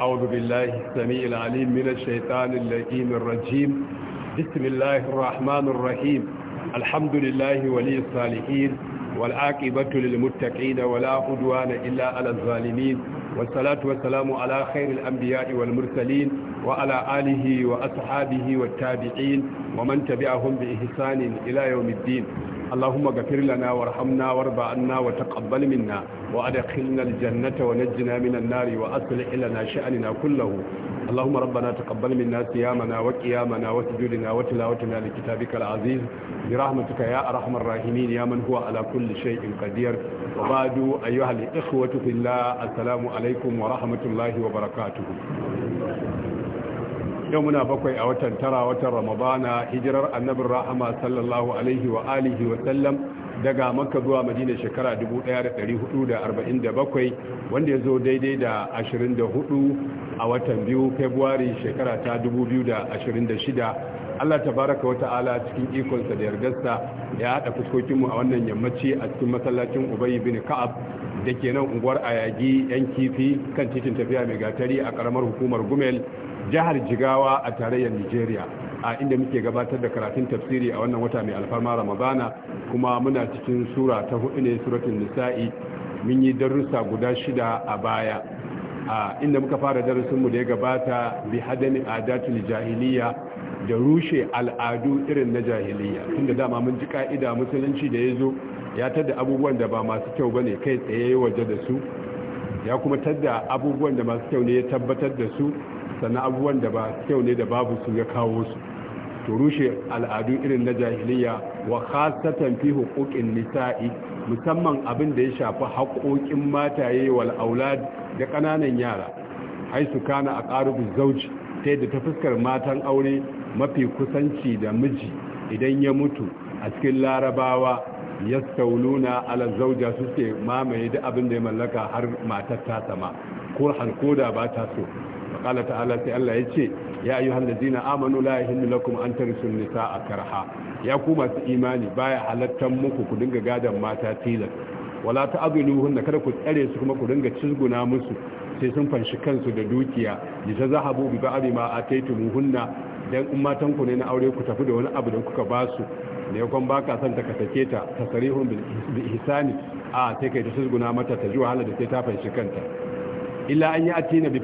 أعوذ بالله السميع العليم من الشيطان اللئيم الرجيم بسم الله الرحمن الرحيم الحمد لله ولي الصالحين والعاقبة للمتقين ولا عدوان إلا على الظالمين والصلاة والسلام على خير الأنبياء والمرسلين وعلى آله وأصحابه والتابعين ومن تبعهم بإحسان إلى يوم الدين اللهم اغفر لنا وارحمنا وارض عنا وتقبل منا وادخلنا الجنة ونجنا من النار وأصلح لنا شأننا كله اللهم ربنا تقبل منا صيامنا وقيامنا وسجودنا وتلاوتنا لكتابك العزيز برحمتك يا أرحم الراحمين يا من هو على كل شيء قدير وبعد أيها الإخوة في الله السلام عليكم ورحمة الله وبركاته yau muna bakwai a watan tara watan ramadana hijirar annabin rahama sallallahu alaihi wa alihi wa sallam daga maka zuwa madina shekara 1447 wanda ya zo daidai da 24 a watan biyu februari shekara ta 2026 allah tabaraka wa ta'ala cikin ikonsa da yardarsa ya haɗa fuskokinmu a wannan yammaci a cikin masallacin ubayi bin ka'ab da ke nan unguwar ayagi yan kifi kan titin tafiya mai gatari a ƙaramar hukumar gumel jihar jigawa a tarayyar nigeria a inda muke gabatar da karatun tafsiri a wannan wata mai alfarma ramadana kuma muna cikin sura ta hudu ne suratun nisa'i mun yi darussa guda shida a baya a inda muka fara darussanmu da ya gabata bi hadani adatul jahiliya da rushe al'adu irin na jahiliya tunda dama mun ji ka'ida musulunci da ya zo ya tada abubuwan da ba masu kyau bane kai tsaye waje da su ya kuma tada abubuwan da masu kyau ne ya tabbatar da su sannan abubuwan da ba kyau ne da babu su ya kawo su to rushe al'adu irin na jahiliya wa khasatan fi huquqin nisa'i musamman abin da ya shafi haƙoƙin mataye wal aulad da ƙananan yara ai su kana a ƙarubin zauji ta yadda ta fuskar matan aure mafi kusanci da miji idan ya mutu a cikin larabawa ya sauluna ala zauja su ce mamaye da abin da ya mallaka har matar ta sama ko har koda ba ta so qala ta'ala sai Allah ya ce ya ayyuhal ladina amanu la yahillu lakum an tarisu nisaa karha ya ku masu imani baya halattan muku ku dinga gadan mata tilas wala ta'dhiluhunna kada ku tsare su kuma ku dinga cizguna musu sai sun fanshi kansu da dukiya li tazahabu bi ba'di ma ataytumuhunna dan in matan ku ne na aure ku tafi da wani abu da kuka basu ne kon baka san ta kasake ta tasarihun bil ihsani a sai kai ta cizguna mata ta ji wahala da sai ta fanshi kanta illa an yi atina bi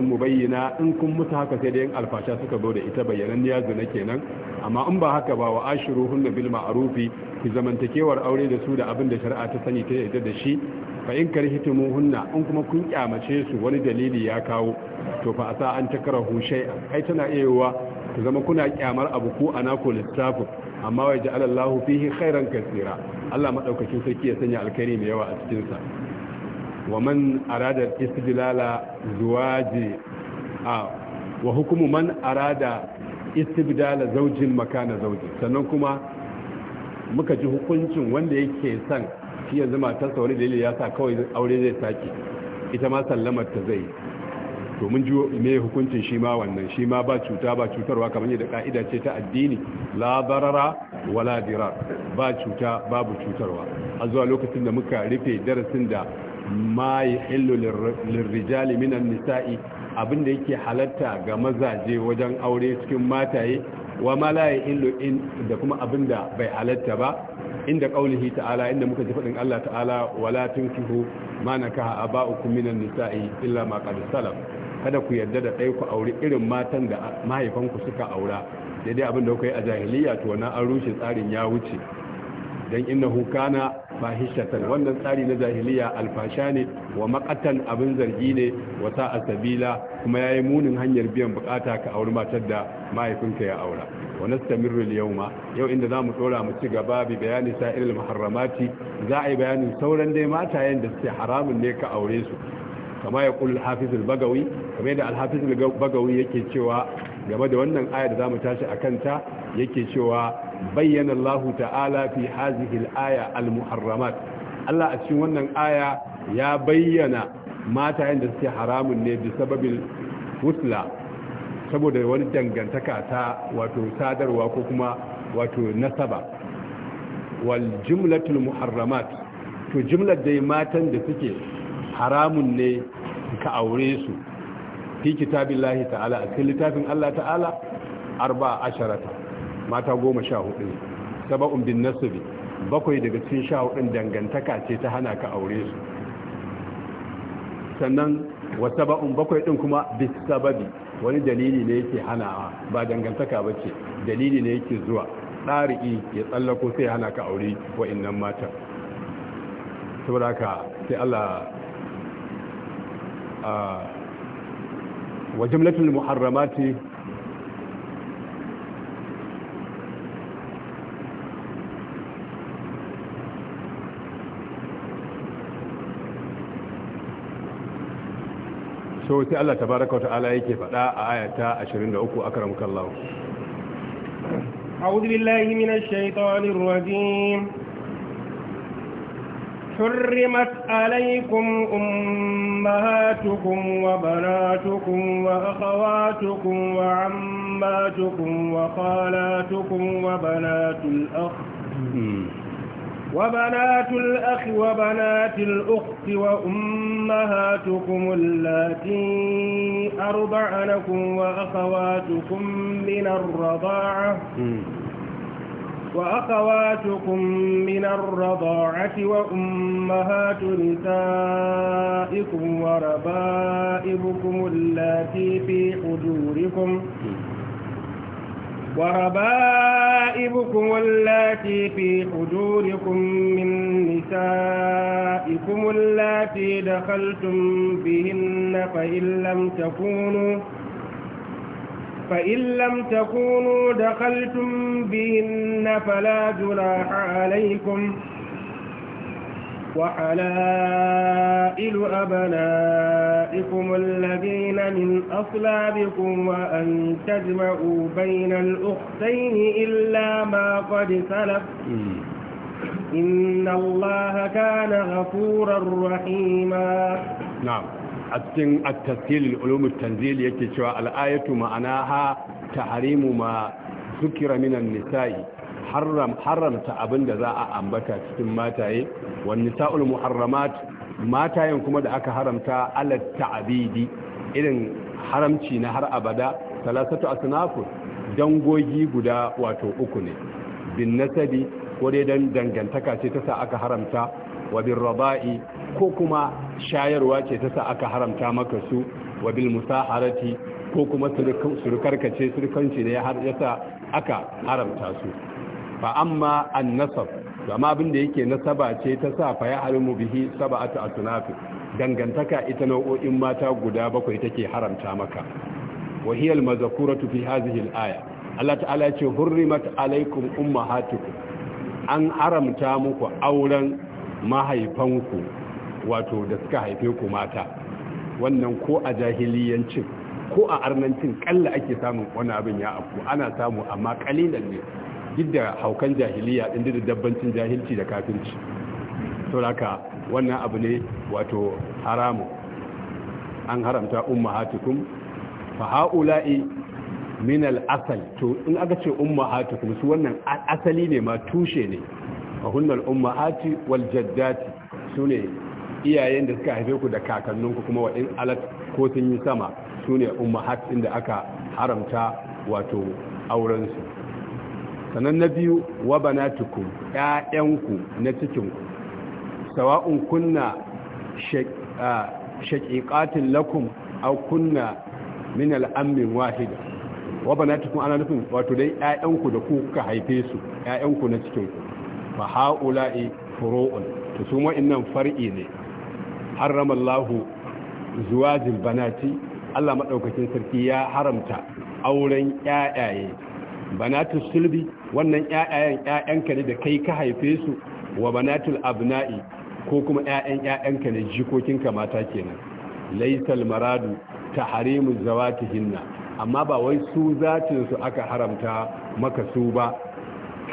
mu bayyana in kun mutu haka sai da yin alfasha suka zo da ita bayanan ya zina kenan amma in ba haka ba wa ashiruhun da bil ma'rufi ki zamantakewar aure da su da abin da shari'a ta sani ta yadda da shi fa in hunna in kuma kun kyamace su wani dalili ya kawo to fa asa an takrahu shay'a ai tana iyawa ku zama kuna kyamar abu ko ana ko littafin amma wa ja'ala Allahu fihi khairan katsira Allah madaukakin sarki ya sanya alkhairi mai yawa a cikin sa wa man arada زواج وحكم a wa hukumu man arada زوج zaujin sannan kuma muka ji hukuncin wanda yake son shi yanzu matarsa da dalili ya sa kawai aure zai sake ita ma sallamar ta zai to mun ji me hukuncin shi ma wannan shi ma ba cuta ba cutarwa kamar yadda ka'ida ce ta addini la barara wala dirar ba cuta babu cutarwa a zuwa lokacin da muka rufe darasin da ma yi yahillu lirrijali minan nisa'i abinda yake halatta ga mazaje wajen aure cikin mataye wa ma la illu in da kuma abinda bai halatta ba inda qaulihi ta'ala inda muka ji faɗin Allah ta'ala wala tunkihu ma nakaha aba'ukum minan nisa'i illa ma qad salam kada ku yarda da ɗaya ku aure irin matan da mahaifanku suka aura daidai abin da kuka yi a jahiliya to na an rushe tsarin ya wuce don inna hukana fahishatan wannan tsari na zahiliya alfasha ne wa makatan abin zargi ne wa a sabila kuma yayi munin hanyar biyan bukata ka auri matar da mahaifinka ya aura wa nastamirru al-yawma yau inda za mu ɗora mu ci gaba bi bayani sa'iril muharramati za a yi bayanin sauran dai matayen da suke haramun ne ka aure su kama ya kul hafiz bagawi kamar da al bagawi yake cewa game da wannan aya da zamu tashi a kanta yake cewa bayyana Allah ta'ala fi hazihi al-aya al-muharramat Allah a cikin wannan aya ya bayyana mata da suke haramun ne bi sababin wusla saboda wani dangantaka ta wato sadarwa ko kuma wato nasaba wal jumlatul muharramat to jumlar dai matan da suke haramun ne ka aure su fi kitabillahi ta'ala a cikin littafin Allah ta'ala arba'a asharata mata goma sha hudu ne saba'un bin nasibi bakwai daga cikin sha hudun dangantaka ce ta hana ka aure su sannan wa ba'un bakwai din kuma bis sababi wani dalili ne yake hanawa ba dangantaka ba ce dalili ne yake zuwa ɗari'i ya tsallako sai hana ka aure wa'innan mata saboda ka sai Allah wa jumlatul muharramati so sai Allah tabaraka wa ta'ala yake fada a ayata 23 akramaka Allah أعوذ بالله من الشيطان الرجيم حرمت عليكم أمهاتكم وبناتكم وأخواتكم وعماتكم وخالاتكم وبنات الأخ وبنات الأخ وبنات الأخت وأمهاتكم اللاتي أرضعنكم وأخواتكم من الرضاعة وأخواتكم من الرضاعة وأمهات نسائكم وربائبكم اللاتي في حجوركم وربائبكم اللاتي في حجوركم من نسائكم اللاتي دخلتم بهن فإن لم تكونوا فإن لم تكونوا دخلتم بهن فلا جناح عليكم وحلائل أبنائكم الذين من أصلابكم وأن تجمعوا بين الأختين إلا ما قد سلف إن الله كان غفورا رحيما نعم أتن التسهيل العلوم التنزيل يتشوى الآية معناها تحريم ما ذكر من النساء haram haramta abin da za a ambata cikin mataye wani sa'ul muharramat matayen kuma da aka haramta ala ta'abidi irin haramci na har abada talasatu asnafu dangogi guda wato uku ne bin nasabi ko dai dan dangantaka ce ta sa aka haramta wa bil raba'i ko kuma shayarwa ce ta sa aka haramta maka su wa bil musaharati ko kuma surukarka ce surukanci ne ya sa aka haramta su fa amma an nasab amma abin da yake nasaba ce ta sa fa ya harimu bihi sab'atu atunafi dangantaka ita nau'o'in mata guda bakwai take haramta maka wa hiya al-mazkuratu fi hadhihi al-aya Allah ta'ala ya ce hurrimat alaykum ummahatukum an haramta muku auren mahaifanku wato da suka haife ku mata wannan ko a jahiliyancin ko a arnancin kalla ake samun wani abin ya afku ana samu amma kalilan ne duk haukan jahiliya din da dabbancin jahilci da kafirci to haka wannan abu ne wato haramu an haramta ummahatukum fa haula'i min al-asal to in aka ce ummahatukum su wannan asali ne ma tushe ne fa hunnal ummahati wal jaddati sune iyayen da suka haife ku da ku. kuma wa alat ko sun yi sama sune ummahat inda aka haramta wato aurensu sannan na biyu wa banatukum ƴaƴanku na cikinku sawa'un kunna shaqiqatin lakum aw kunna min al'ammin wahida wa banatukum ana nufin wato dai ƴaƴanku da kuka haife su ƴaƴanku na cikinku fa haula'i furu'un to su nan far'i ne harrama Allahu zuwajil banati Allah maɗaukacin sarki ya haramta auren ƴaƴaye banatu sulbi wannan ƴaƴayen ƴaƴanka ne da kai ka haife su wa banatul abna'i ko kuma ƴaƴan ƴaƴanka ne jikokinka mata kenan laysal maradu tahrimu zawatihinna amma ba wai su zatin su aka haramta maka su ba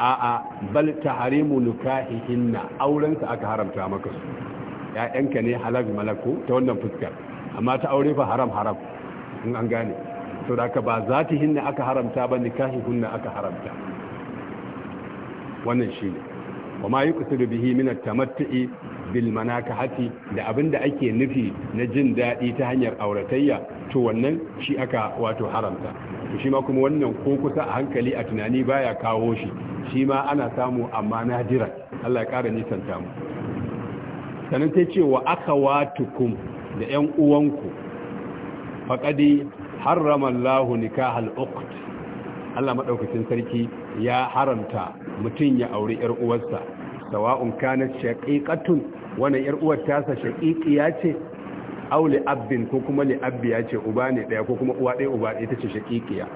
a'a bal tahrimu nikahihinna auren su aka haramta maka su ƴaƴanka ne halal malako ta wannan fuskar amma ta aure fa haram haram in an gane to da ka ba zatihinna aka haramta ba nikahihunna aka haramta wannan shi ne wa ma yuqsidu bihi min at bil manakahati da abin da ake nufi na jin daɗi ta hanyar auratayya to wannan shi aka wato haramta to shi ma kuma wannan ko kusa a hankali a tunani baya kawo shi shi ma ana samu amma nadira Allah ya ƙara nisanta mu sanin sai ce wa akhawatukum da ƴan uwanku faqadi harrama Allahu nikahal uqt Allah madaukakin sarki ya haramta mutum ya auri yar uwarsa sawa'un kanar shaƙiƙatun wani yar uwar tasa ya ce Aule abin ko kuma li abbi ya ce uba ne daya ko kuma uwa ɗaya uba daya ce shaqiqiya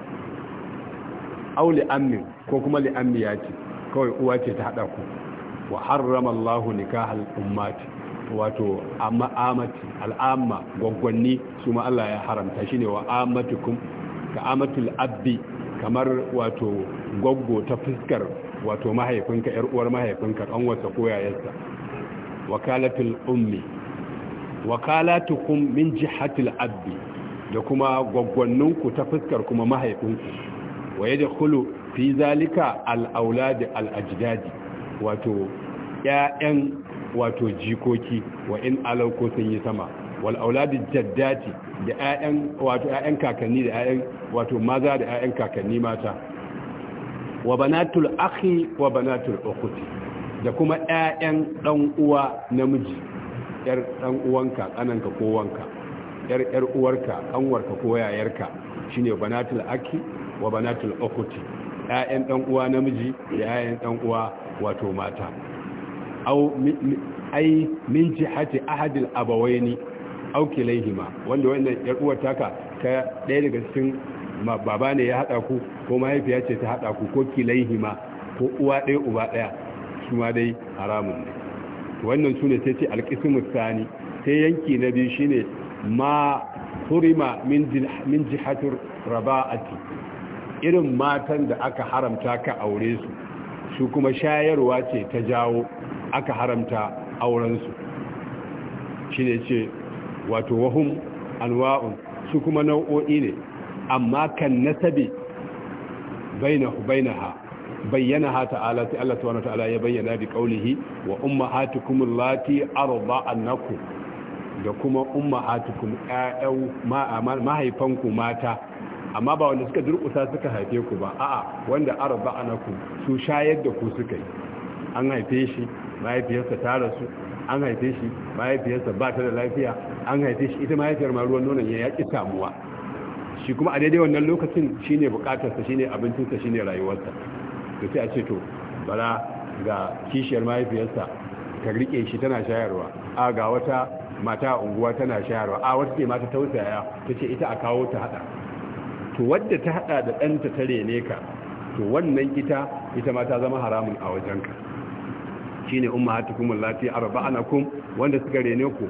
aw li amin ko kuma li ammi ya ce kawai uwa ce ta haɗa ku wa harrama Allahu nikahal ummati wato amma amati al'amma gwaggwanni su ma Allah ya haramta ne wa amatukum ka amatul abbi kamar wato goggo ta fuskar wato mahaifinka yar uwar mahaifinka an wata koyayarsa wakalatul ummi wakalatukum min jihatil abdi da kuma ku ta fuskar kuma mahaifinku wa khulu fi zalika al aulad al ajdadi wato ƴaƴan wato jikoki wa in alau ko sun yi sama wal auladi jaddati da ƴaƴan wato ƴaƴan kakanni da ƴaƴan wato maza da 'ya'yan kakanni mata wa banatul akhi wa banatul ukhti da kuma 'ya'yan dan uwa namiji 'yar dan uwanka kananka ko wanka ƴar ƴar uwarka kanwarka ko yayarka shine banatul akhi wa banatul ukhti ƴaƴan dan uwa namiji da 'ya'yan dan uwa wato mata au ai min jihati ahadil abawaini auki laihima wanda wannan yar uwar taka ta ɗaya daga cikin baba ne ya haɗa ku ko mahaifiya ce ta haɗa ku ko kilaihima ko uwa ɗaya uba ɗaya su ma dai haramun ne wannan su ne sai ce alƙisimus sani sai yanki na biyu shine ma hurima min jihatur raba'ati irin matan da aka haramta ka aure su su kuma shayarwa ce ta jawo aka haramta aurensu su shine ce wato wahum anwa'un su kuma nau'o'i ne amma kan nasabi bainahu bainaha ha ta'ala sai Allah subhanahu ta'ala ya bayyana bi qaulihi wa ummahatukum allati annakum da kuma ummahatukum ma mahaifanku mata amma ba wanda suka durkusa suka haife ku ba a'a wanda annakum su shayar da ku suka yi an haife shi mahaifiyarsa ta rasu an haife shi mahaifiyarsa ba ta da lafiya an haife shi ita mahaifiyar ma ruwan nonon ya yaƙi samuwa shi kuma a daidai wannan lokacin shine shi shine abincinsa shine rayuwarsa da sai a ce to bala ga kishiyar mahaifiyarsa ta riƙe shi tana shayarwa a ga wata mata a unguwa tana shayarwa a wata ce mata tausaya ta ce ita a kawo ta hada to wadda ta haɗa da ɗanta ta rene ka to wannan ita ita ma ta zama haramun a wajenka ne shine ummahatukum allati kun wanda suka rene ku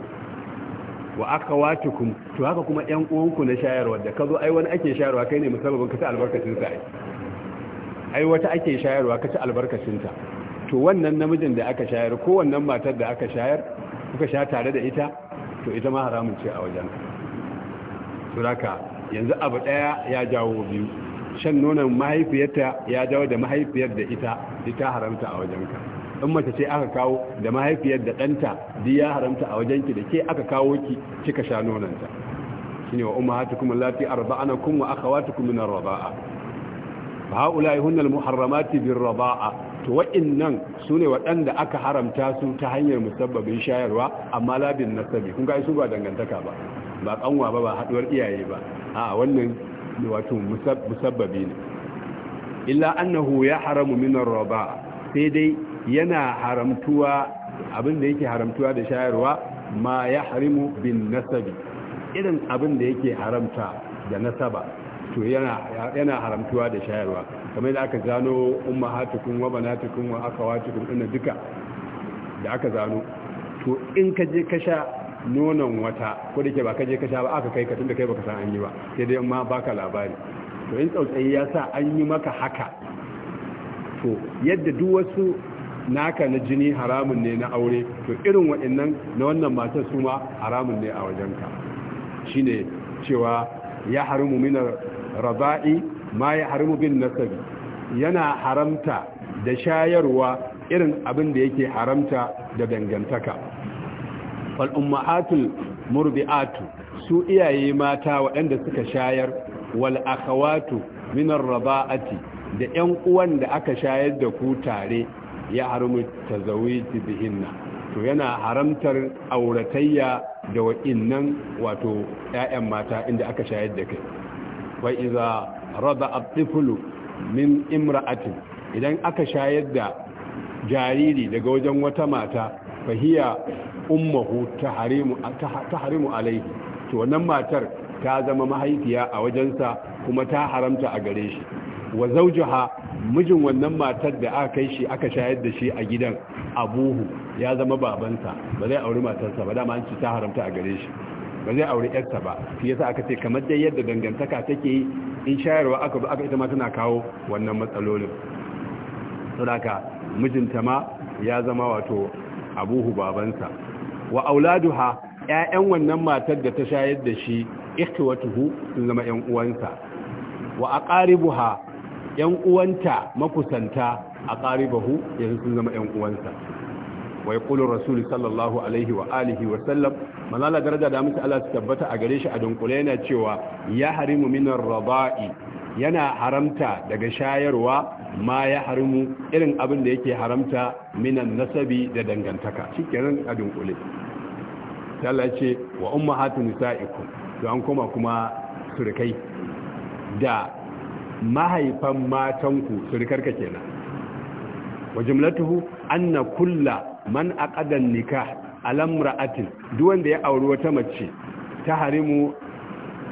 wa aka kun to haka kuma ƴan uwanku na shayarwa da ka zo ai wani ake shayarwa kai ne musamman kasa albarkacinsa ai ai wata ake shayarwa kasa albarkacinta to wannan namijin da aka shayar ko wannan matar da aka shayar kuka sha tare da ita to ita ma haramun ce a wajen suraka yanzu abu daya ya jawo biyu shan nonon mahaifiyarta ya jawo da mahaifiyar da ita ita haramta a wajenka in mace ce aka kawo da mahaifiyar da ɗanta duk ya haramta a wajenki da ke aka kawo ki kika sha nonanta shine wa ummahatukum allati arba'anakum wa akhawatukum min ar-raba'a haula'i hunnal muharramati bir-raba'a to wa'innan sune waɗanda aka haramta su ta hanyar musabbabin shayarwa amma labin nasabi kun ga su ba dangantaka ba ba kanwa ba ba haduwar iyaye ba a wannan wato musabbabi ne illa annahu ya haramu min ar sai dai yana haramtuwa abin da yake haramtuwa da shayarwa ma ya harimu bin nasabi irin abin da yake haramta da nasaba to yana haramtuwa da shayarwa kamar da aka zano umma hatukun wa banatukun wa akawatukun ina duka da aka zano to in ka je ka sha nonon wata ko da ke ba ka je ka sha ba aka kai ka tunda kai baka san an yi ba sai dai ma baka labari to in tsautsayi ya sa an yi maka haka to yadda duk wasu naka na jini haramun ne na aure to irin wa'annan na wannan matar su ma haramun ne a wajenka shine cewa ya haramu minar raba'i ma ya haramu bin nasabi yana haramta da shayarwa irin abin da yake haramta da dangantaka fal'ummahatul murbi'atu su iyaye mata waɗanda suka shayar wal akhawatu minar raba'ati da 'yan uwan da aka shayar da ku tare ya haramu tazawiji bihinna to yana haramtar auratayya da wa'innan wato 'ya'yan mata inda aka shayar da kai wa iza rada at-tiflu min imra'atin idan aka shayar da jariri daga wajen wata mata fahiya ummuhu ta harimu alaihi, to wannan matar ta zama mahaifiya a wajensa kuma ta haramta a gare shi wa zaujaha mijin wannan matar da aka kai shi aka shayar da shi a gidan abuhu ya zama babansa ba zai auri matarsa ba dama an ci ta haramta a gare shi ba zai auri yarsa ba shi yasa aka ce kamar dai yadda dangantaka take in shayarwa aka ba aka ita ma tana kawo wannan matsalolin saboda mijinta ma ya zama wato abuhu babansa wa auladuha ƴaƴan wannan matar da ta shayar da shi ikhwatuhu sun zama ƴan uwansa wa aqaribuha yan uwanta makusanta a ƙaribahu yanzu sun zama yan uwansa wai yaqulu rasul sallallahu alaihi wa alihi wa sallam malala daraja da muke Allah su tabbata a gare shi a dunkule yana cewa ya harimu minar raba'i yana haramta daga shayarwa ma ya harimu irin abin da yake haramta minan nasabi da dangantaka shikenan a dunkule Allah ce wa ummahatu nisaikum to an koma kuma surukai da mahaifan matanku surkarka kenan wa jumlatuhu anna kulla man aqada nikah ala imra'atin duk wanda ya auri wata mace ta harimu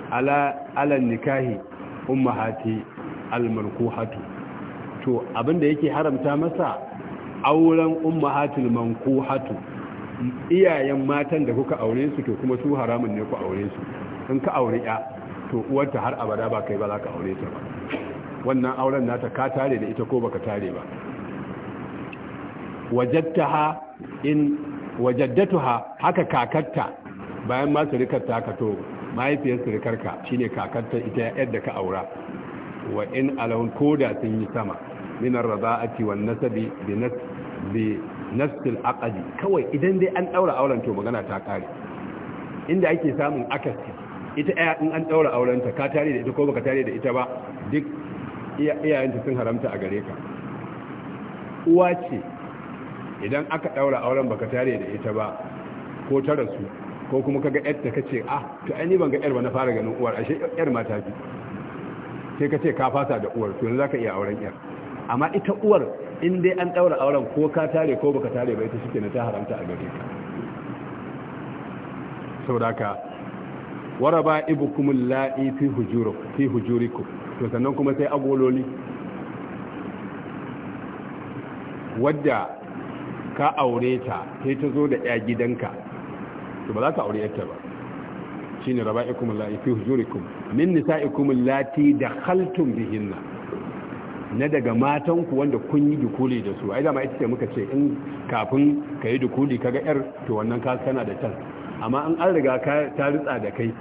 ala ala nikahi ummahati almarkuhatu to abinda yake haramta masa auren ummahatul mankuhatu iyayen matan da kuka aure su to kuma su haramun ne ku aure su in ka aure ya to uwarta har abada ba kai ba za ka aure ta ba wannan auren nata ka tare da ita ko baka tare ba wajadtaha in wajaddatuha haka kakarta bayan ma surikar ta ka to mahaifiyar ka shine kakarta ita yadda ka aura wa in alawun koda sun yi sama minar arza'ati wan nasabi bi nas bi nafsil aqdi kawai idan dai an daura auren to magana ta kare inda ake samun akasi ita ɗaya in an ɗaura aurenta ka tare da ita ko baka tare da ita ba duk iyayenta sun haramta a gare ka uwa ce idan aka daura auren baka tare da ita ba ko ta rasu ko kuma kaga yar ta kace ah to ai ban ga yar ba na fara ganin uwar ashe yar mata ce sai kace ka fasa da uwar to zaka iya auren yar amma ita uwar in dai an daura auren ko ka tare ko baka tare ba ita shike na ta haramta a gare ka saboda wara ba ibu kuma la'i fi hujuriku, to sannan kuma sai agololi wadda ka aure ta sai ta zo da ya gidanka to ba za ta aure yarta ba shi ne raba raba'ikumul la'i fi hujurikum min nisa'ikumul lati haltun bihinna na daga matanku wanda kun yi dukuli da su ai dama ita ce muka ce in kafin ka yi dukuli kaga yar to wannan ka kana da can amma an an riga ka ta ritsa da kai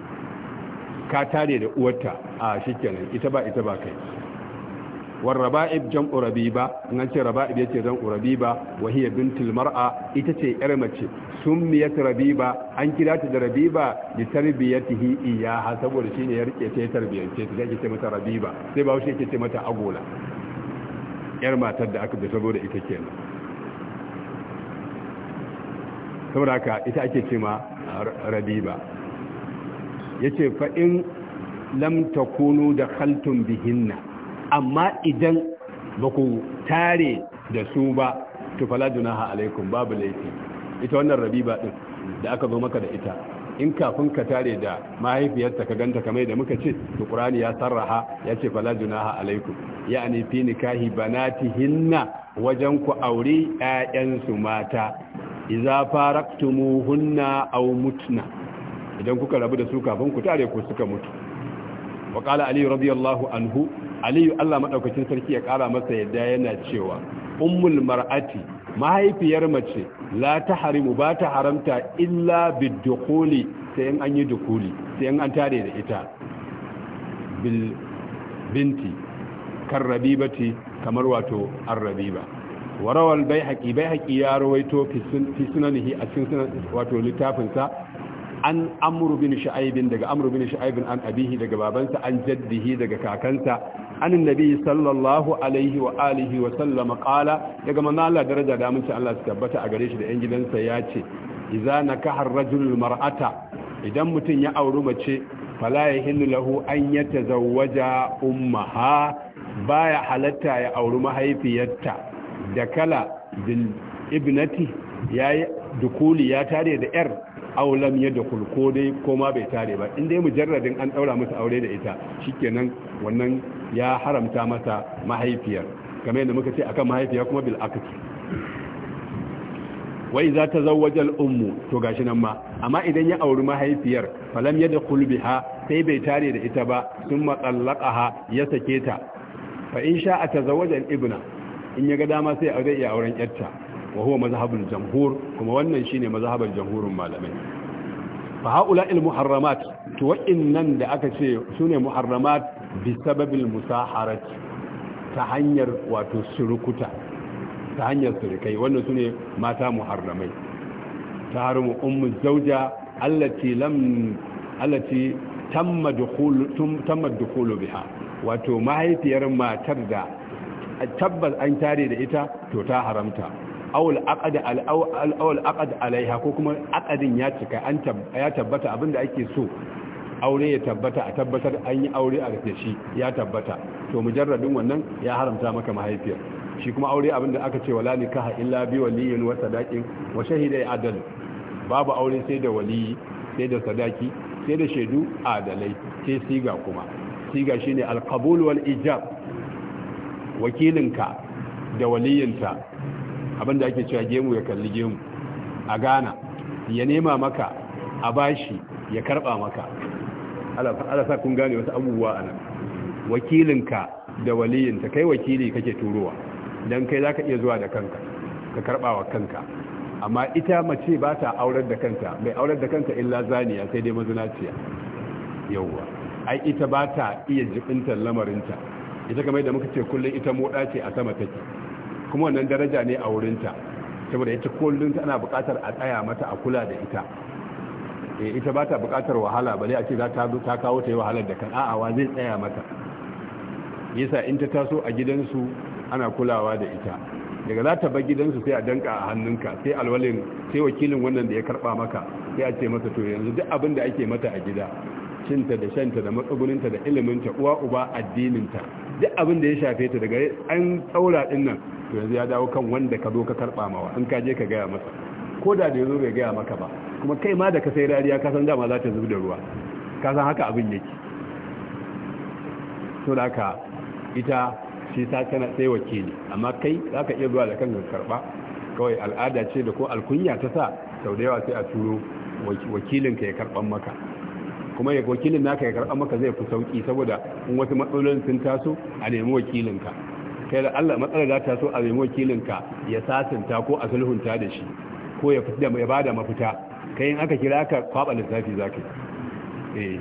ka tare da uwarta a shikenan ita ba ita ba kai war raba'ib jam'u rabiba nan ce raba'ib yace zan rabiba wa hiya bintul mar'a ita ce yar mace summiyat rabiba an kira ta da rabiba li tarbiyatihi iyaha saboda shine ya rike ta tarbiyance ta yake ce mata rabiba sai ba shi yake ce mata agola yar matar da aka bi saboda ita kenan saboda haka ita ake ce ma rabiba yace fa in lam takunu da kaltun bihinna amma idan ba ku tare da su ba to fala junaha alaikum babu laifi ita wannan rabiba ɗin da aka zo maka da ita in kafin ka tare da mahaifiyarta ka ganta kamar da muka ce to qur'ani ya sarraha ya ce fala junaha alaikum Ya'ani fi nikahi banatihinna wajen ku aure ƴaƴansu mata idza faraktumuhunna aw mutna idan kuka rabu da su kafin ku tare ku suka mutu wa qala ali radiyallahu anhu ali Allah madaukakin sarki ya kara masa yadda yana cewa ummul mar'ati mahaifiyar mace la tahrimu ba ta haramta illa bidukuli sai in an yi dukuli sai in an tare da ita bil binti karrabibati kamar wato arrabiba warawal bai haƙi bai haƙi ya rawaito fi sunanihi a cikin sunan wato littafinsa an amru bin shu'aibin daga amru bin shu'aibin an abihi daga babansa an jaddihi daga kakansa an nabi sallallahu alaihi wa alihi wa sallama qala daga manzo Allah daraja da mun Allah su tabbata a gare shi da yan gidansa ya ce idza nakaha ar-rajulu mar'ata idan mutun ya auri mace fala yahillu lahu an yatazawwaja ummaha baya halatta ya auri mahaifiyarta da kala bil ibnati yayi dukuli ya tare da yar aulam ya da ko dai ko ma bai tare ba in dai mujarradin an daura masa aure da ita shikenan wannan ya haramta masa mahaifiyar game yadda muka ce akan mahaifiya kuma bil Wai za za tazawwaja al ummu to gashi nan ma amma idan ya auri mahaifiyar falam kulbi ha sai bai tare da ita ba sun ha ya sake ta fa in sha'a tazawwaja al ibna in ya ga dama sai zai iya auren yarta wa huwa mazhabul jamhur kuma wannan shine mazhabar jamhurin malamai fa haula al muharramat to wa'innan da aka ce sune muharramat bi sababil musaharat ta hanyar wato surukuta ta hanyar surukai wannan sune mata muharramai ta harumu ummu zauja allati lam allati tamma dukhulu tamma dukhulu biha wato mahaifiyar matar da tabbas an tare da ita to ta haramta awul aqad al aqad alaiha ko kuma aqadin ya cika ya tabbata abinda ake so aure ya tabbata a tabbatar an yi aure a da shi ya tabbata to mujarradin wannan ya haramta maka mahaifiyar shi kuma aure abinda aka ce wala nikaha illa bi waliyin wa sadaqin wa shahidai adal babu aure sai da waliyi sai da sadaki sai da shaidu adalai sai siga kuma siga shine alqabul wal ijab wakilinka da waliyinta abinda ake cewa gemu ya kalli gemu a ghana ya nema maka a bashi ya karba maka alasa kun gane wasu abubuwa a nan wakilinka da waliyinta kai wakili kake turowa don kai za ka iya zuwa da kanka ka karba wa kanka amma ita mace ba ta aurar da kanta mai aurar da kanta illa zaniya sai dai mazinaciya yauwa ai ita ba ta iya jibintar lamarinta ita kamar da muka ce kullum ita moda ce a sama take kuma wannan daraja ne a wurinta saboda ita kullum tana buƙatar a tsaya mata a kula da ita eh, ita ba ta buƙatar wahala bale a ce za ta zo ta kawo ta yi wahalar da kan a'a zai tsaya mata yasa in ta taso a gidansu ana kulawa da ita daga za ta bar gidansu sai a danka a hannunka sai alwalin sai wakilin wannan da ya karba maka sai a ce masa to yanzu duk abin da ake mata a gida cinta da shanta da matsuguninta da iliminta uwa uba addininta duk abin da ya shafe ta daga an tsaura din nan to yanzu ya dawo kan wanda ka zo ka karba mawa in ka je ka gaya masa ko da da yazo bai gaya maka ba kuma kai ma da ka sai rariya ka san dama za ta zubi da ruwa ka san haka abin yake to da ka ita shi ta tana sai wakili amma kai za ka iya zuwa da kanka karba kawai al'ada ce da ko alkunya ta sa sau da yawa sai a turo wakilinka ya karban maka kuma ya wakilin naka ya karban maka zai fi sauki saboda in wasu matsalolin sun taso a nemi wakilinka kai da Allah matsalar za ta so a zai wakilinka ya satinta ko a sulhunta da shi ko ya fita ya bada mafita kai in aka kira ka kwaba lissafi zaka eh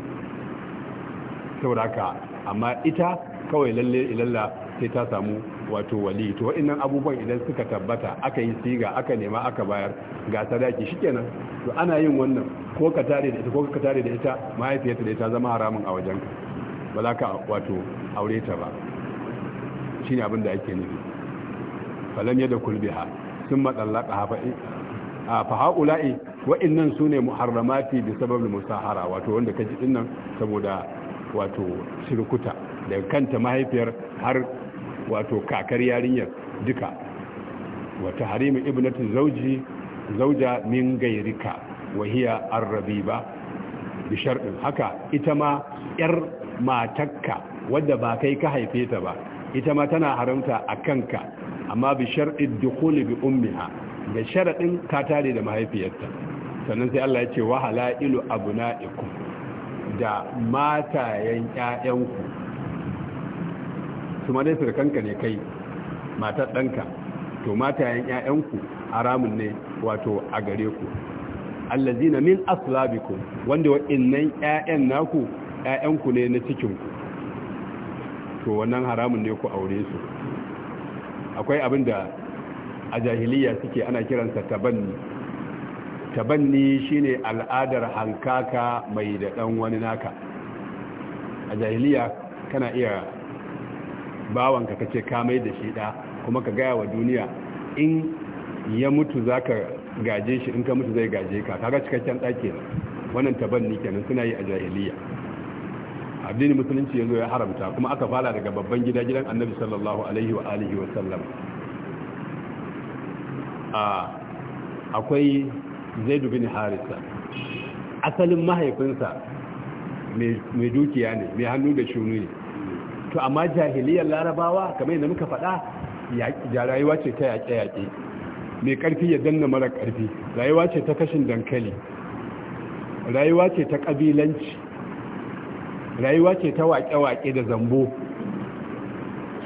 saboda ka amma ita kawai lalle ilalla sai ta samu wato wali to wa'annan abubuwan idan suka tabbata aka yi siga aka nema aka bayar ga sadaki shikenan to ana yin wannan ko ka tare da ita ko ka tare da ita mahaifiyarta da ita zama haramun a wajenka ba za ka wato aure ta ba shine abin da ake nufi falam yada kulbiha sun matsallaka fa haula'i wa'annan su ne muharramati da sababin musahara wato wanda ka ji dinnan saboda wato shirkuta daga kanta mahaifiyar har wato kakar yarinyar duka wata harimin ibnatu zauji zauja min gairika wahiya arrabiba bi shar'in haka ita ma yar matakka wadda ba kai ka haife ta ba ita ma tana haramta a kanka amma bi shar'i dukhuli bi ummiha da sharadin ka tare da mahaifiyarta sannan sai Allah ya ce wa halailu abunaikum da matayen ƴaƴanku su dai surkanka ne kai matar ɗanka to matayen ƴaƴanku haramun ne wato a gare ku allazina min aslabikum wanda wa'annan ƴaƴan naku ƴaƴanku ne na cikin ku. to wannan haramun ne ku aure su akwai abin da a jahiliya suke ana kiransa tabanni tabanni shine al'adar hankaka mai da dan wani naka a jahiliya kana iya bawanka kace ka mai da shi da kuma ka gaya wa duniya in ya mutu zaka gaje shi in ka mutu zai gaje ka kaga cikakken dake wannan tabanni kenan suna yi a jahiliya Addini musulunci yanzu ya haramta kuma aka fara daga babban gida gidan annabi sallallahu alaihi wa alihi wa sallam akwai zaidu bin harisa asalin mahaifinsa mai dukiya ne mai hannu da shunu ne to amma jahiliyar larabawa kamar yadda muka faɗa ya rayuwa ce ta yaƙe-yaƙe mai ƙarfi ya danna mara ƙarfi rayuwa ce ta kashin dankali rayuwa ce ta ƙabilanci rayuwa ce ta waƙe-waƙe da zambo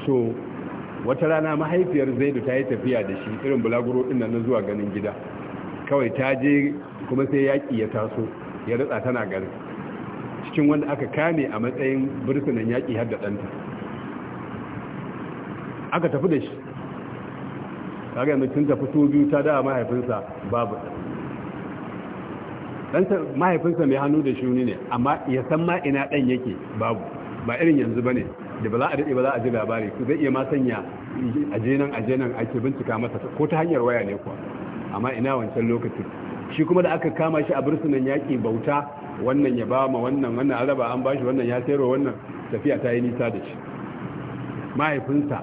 so wata rana mahaifiyar zaidu ta yi tafiya da shi irin bulaguro ɗin na zuwa ganin gida kawai ta je kuma sai yaƙi ya taso ya ritsa tana gari cikin wanda aka kame a matsayin birtunan yaƙi har da ɗanta aka tafi da shi kaga yanzu tun tafi so biyu ta da mahaifinsa babu dan mahaifinsa mai hannu da shuni ne amma ya san ma ina dan yake babu ba irin yanzu bane da ba za a daɗe ba za a ji labari su zai iya ma sanya aje nan aje nan ake bincika masa ko ta hanyar waya ne kuwa amma ina wancan lokacin shi kuma da aka kama shi a birsunan yaki bauta wannan ya ba ma wannan wannan araba an bashi wannan ya sayarwa wannan tafiya ta yi nisa da shi mahaifinsa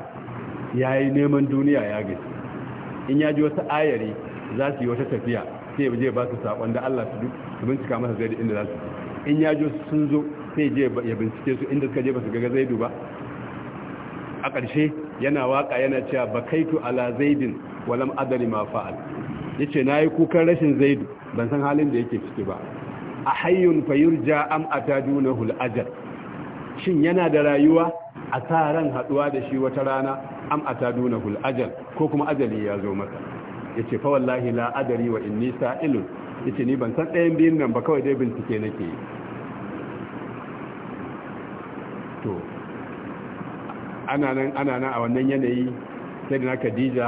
ya yi neman duniya ya gaji in ya ji wasu ayari za su yi wata tafiya sai ya je ba su sakon da Allah su bincika masa zaidu inda za su in ya jo sun zo sai je ya bincike su inda suka je ba su ga zaidu ba a ƙarshe yana waka yana cewa bakaitu ala zaidin walam adali ma fa'al yace nayi kukan rashin zaidu ban san halin da yake ciki ba a hayyun fayurja am atadunahu al-ajal shin yana da rayuwa a sa ran haduwa da shi wata rana am atadunahu al-ajal ko kuma ajali ya zo masa yace fa wallahi la adari wa inni sa'ilun yace ni ban san ɗayan biyun nan ba kawai dai bincike nake yi to ana nan ana nan a wannan yanayi sai da Khadija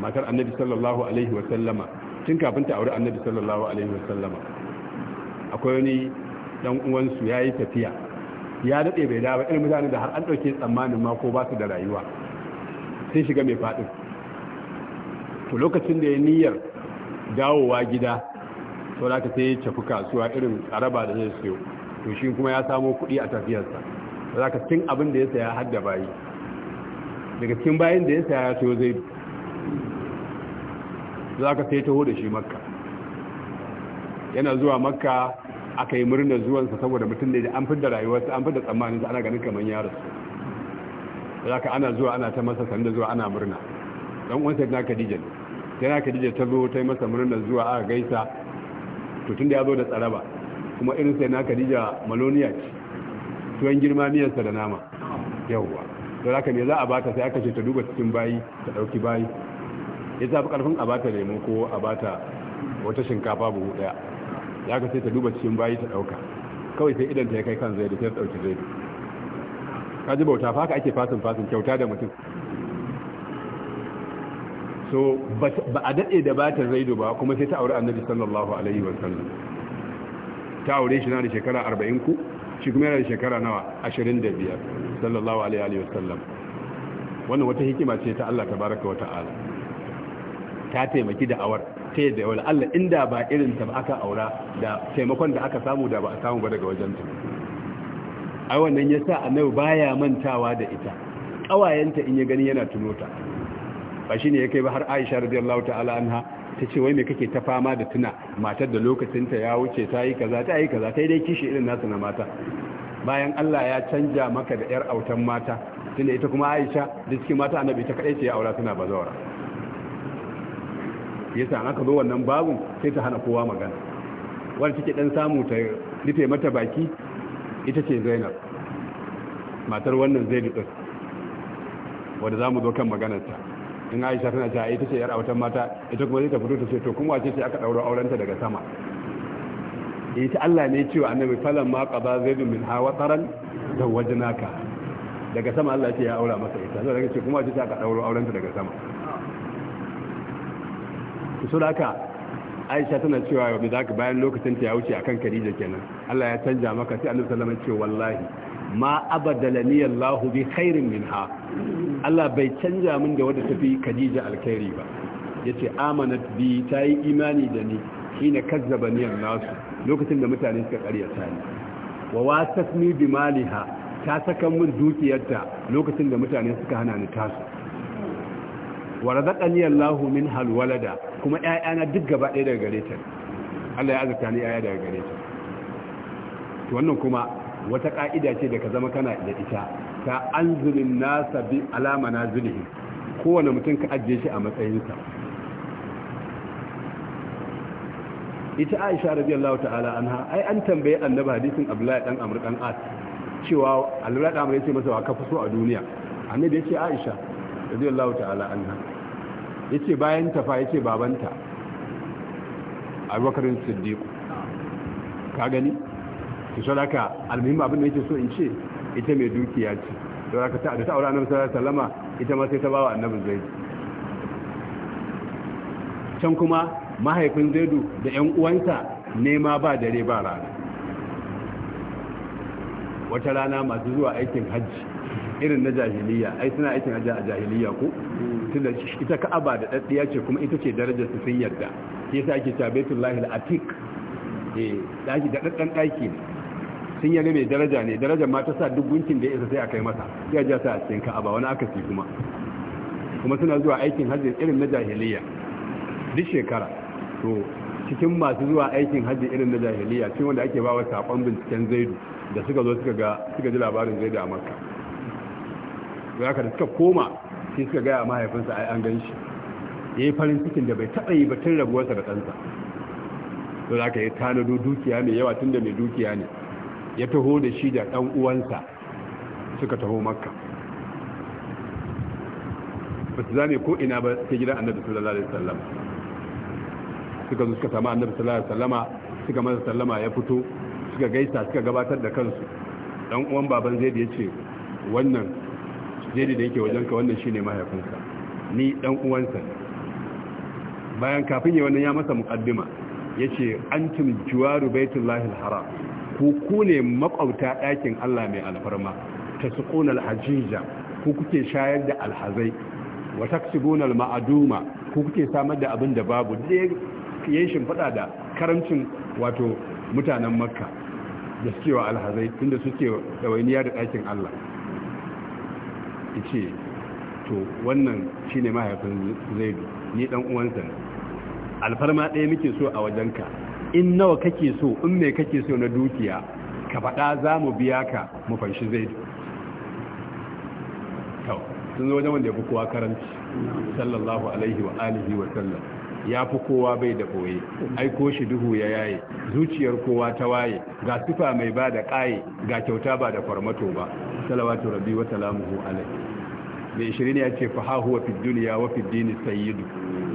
matar Annabi sallallahu alaihi wa sallama tun kafin ta aure Annabi sallallahu alaihi wa sallama akwai wani dan uwansu yayi tafiya ya daɗe bai dawo irin mutane da har an ɗauke tsammanin ma ko ba su da rayuwa sai shiga mai faɗin to lokacin da ya niyyar dawowa gida to da sai ya cafi kasuwa irin araba da zai siyo to shi kuma ya samo kuɗi a tafiyarsa za ka cin abin da ya saya har da bayi daga cikin bayan da ya saya ya siyo zai za ka sai taho da shi makka yana zuwa makka aka yi murnar zuwansa saboda mutum da an fi da rayuwarsa an fi da tsammaninsa ana ganin kamar ya rasu za ka ana zuwa ana ta masa sanda zuwa ana murna don wancan na Khadija ne sai na kadija ta zo ta yi masa murna zuwa a gaisa to tunda ya zo da tsaraba kuma irin sai na kadija maloniya ce tuwon girma miyarsa da nama yawwa don haka me za a bata sai aka ce ta duba cikin bayi ta ɗauki bayi ya zafi ƙarfin a bata lemu ko a bata wata shinkafa buhu daya ya ka sai ta duba cikin bayi ta ɗauka kawai sai idan ta ya kai kan zai da ta dauki zai ka ji bauta fa haka ake fasin fasin kyauta da mutum so ba a daɗe da batar raido ba kuma sai ta aure annabi sallallahu alaihi wasallam ta aure shi na da shekara 40 ku shi kuma yana da shekara nawa 25 sallallahu alaihi wasallam wannan wata hikima ce ta Allah tabaraka wa ta'ala ta taimaki da awar ta yadda wala Allah inda ba irin ta ba aka aura da taimakon da aka samu da ba a samu ba daga wajenta ai wannan yasa annabi baya mantawa da ita kawayenta in ya gani yana tunota ba shi ne ya kai ba har Aisha radiyallahu ta'ala anha ce wai me kake ta fama da tuna matar da lokacinta ya wuce ta yi kaza ta yi kaza ta yi dai kishi irin nasu na mata bayan Allah ya canja maka da yar autan mata tunda ita kuma Aisha da cikin mata annabi ta kadai ce ya aura ba zaura yasa an aka zo wannan babu sai ta hana kowa magana wanda cikin ɗan samu ta rufe mata baki ita ce Zainab matar wannan zai Zaid wadda za mu zo kan maganarta in aisha tana cewa ita ce yar autan mata ita kuma zai ta fito ta ce to kuma wace ce aka auren aurenta daga sama ita eh, Allah ne cewa annabi falan ma qada zaidun min hawa taran zawajnaka daga sama Allah ce ya aura masa ita zai ce kuma wace ce aka auren aurenta daga sama su haka aisha tana cewa yau da bayan lokacin ta ya wuce akan Khadija kenan Allah ya canja maka sai annabi sallallahu alaihi wasallam ce wallahi ma abadalani Allah bi khairin minha Allah bai canja min da wadda tafi Khadija alkhairi ba yace amanat bi tayi imani da ni kazzaba ni nasu lokacin da mutane suka karyata ni wa wasatni bi maliha ta saka min dukiyarta lokacin da mutane suka hana ni tasu wa razaqani Allah min hal walada kuma ƴaƴana duk gaba ɗaya daga gare Allah ya azurta ni ƴaƴa daga gare to wannan kuma wata ka'ida ce da ka zama kana da ita ta anzulin nasa bi alama na zulihi kowane mutum ka ajiye shi a matsayinsa ita aisha Allah ta'ala anha ai an tambaye annabi hadisin abdullahi dan amr dan as cewa ɗan dan ya ce masa wa kafa so a duniya annabi ce aisha Allah ta'ala anha ce bayan tafa ya ce babanta abubakar siddiq ka gani to sadaka almuhim abin da yake so in ce ita mai dukiya ce da zaka ta da aure annabi sallallahu alaihi wasallama ita ma sai ta bawa annabi zaid can kuma mahaifin zaidu da ƴan uwansa nema ba dare ba rana wata rana masu zuwa aikin hajji irin na jahiliya ai suna aikin hajji a jahiliya ko tunda ita ka'aba da daddiya ce kuma ita ce darajar su sun yarda yasa ake ta baitullahi al-atiq eh daki da daddan daki ne sun yaga mai daraja ne darajar ma ta sa duk gunkin da ya isa sai a kai masa ya ja ta a cikin ka'aba wani fi kuma kuma suna zuwa aikin hajji irin na jahiliya duk shekara to cikin masu zuwa aikin hajji irin na jahiliya cikin wanda ake bawa sakon binciken zaidu da suka zo suka ga suka ji labarin zaidu a makka to ka da suka koma sai suka gaya mahaifinsa ai an gan shi ya yi farin cikin da bai taɓa yi ba tun rabuwarsa da ɗansa to za ka yi tanado dukiya mai yawa tunda mai dukiya ne ya taho da shi da ɗan uwansa suka taho makka ba su zane ko ina ba ta gidan annabi sallallahu alaihi wasallam suka zo suka samu annabi sallallahu alaihi wasallama suka masa sallama ya fito suka gaisa suka gabatar da kansu dan uwan baban zai ya ce wannan zai da yake wajenka wannan shine mahaifinka ni dan uwansa bayan kafin ya wannan ya masa muqaddima yace antum juwaru baitullahi alharam ku ku ne makwabta ɗakin Allah mai alfarma ta suƙunar hajija ku kuke shayar da alhazai wa taksibunal ma'aduma ku kuke samar da abin da babu da ya shimfiɗa da karamcin wato mutanen makka da suke wa alhazai tunda suke ɗawainiya da ɗakin Allah ce to wannan shi ne mahaifin zaidu ni dan uwansa alfarma ɗaya muke so a wajenka in nawa kake so in me kake so na dukiya ka faɗa za mu biya ka mu fanshi zai to sun zo wajen wanda ya fi kowa karanci sallallahu alaihi wa alihi wa sallam ya fi kowa bai da koye aiko shi duhu ya yaye zuciyar kowa ta waye ga sifa mai ba da ƙaye ga kyauta ba da farmato ba salawatu rabbi wa salamuhu alaihi mai shirin ya ce fahahu wa fi duniya wa fi dini sayyidu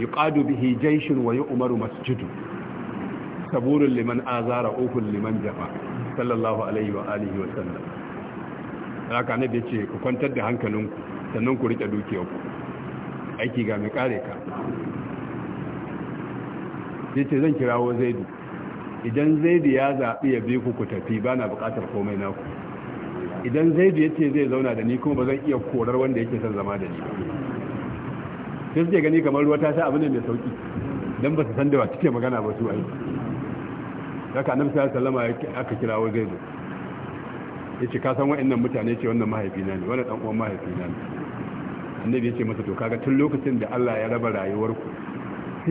yuqadu bihi jayshin wa yu'maru masjidu saburun liman azara ukun liman jafa sallallahu alaihi wa alihi wa sallam haka ne da ce ku kwantar da hankalinku sannan ku rike dukiyarku aiki ga mai kare ka yace zan kirawo zaidu idan zaidu ya zaɓi ya bi ku ku tafi ba na buƙatar komai naku idan zaidu ya ce zai zauna da ni kuma ba zan iya korar wanda yake son zama da ni sai suke gani kamar ruwa ta sha abu ne mai sauƙi. don ba su san da wa cike magana ba su aiki daga annabi sallallahu alaihi wasallam aka kira wai gaibu yace ka san wa'annan mutane ce wannan mahaifina ne wannan dan uwan mahaifina ne annabi yace masa to kaga tun lokacin da Allah ya raba rayuwar ku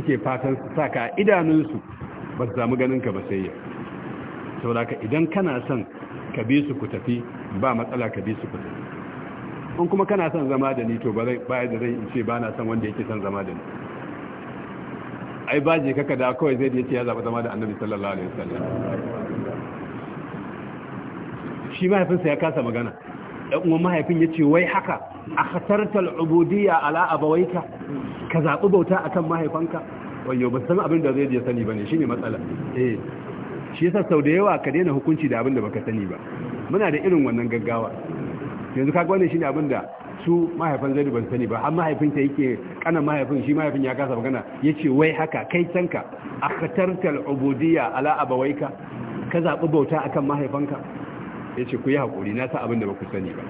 suke fatan saka idanun su ba su samu ganin ka ba sai ya saboda idan kana son ka bi su ku tafi ba matsala ka bi su ku tafi in kuma kana son zama da ni to ba zai ba da zai ce ba na son wanda yake son zama da ni ai baje kaka da kawai zai da yace ya zaba zama da annabi sallallahu alaihi wasallam shi mahaifinsa ya kasa magana dan uwan mahaifin yace wai haka akhtarta al-ubudiyya ala abawayka ka zabi bauta akan mahaifanka wayo ba san abin da zai je sani bane shine matsala eh shi yasa sau da yawa ka daina hukunci da abin da baka sani ba muna da irin wannan gaggawa yanzu kaga wannan shine abin da su mahaifin zai ban sani ba mahaifin mahaifinta yake kanan mahaifin shi mahaifin ya kasa magana ya ce wai haka kai canka a katartar ubudiyya ala abawaika ka zaɓi bauta akan mahaifanka ya ce ku yi haƙuri na sa abin da baku sani ba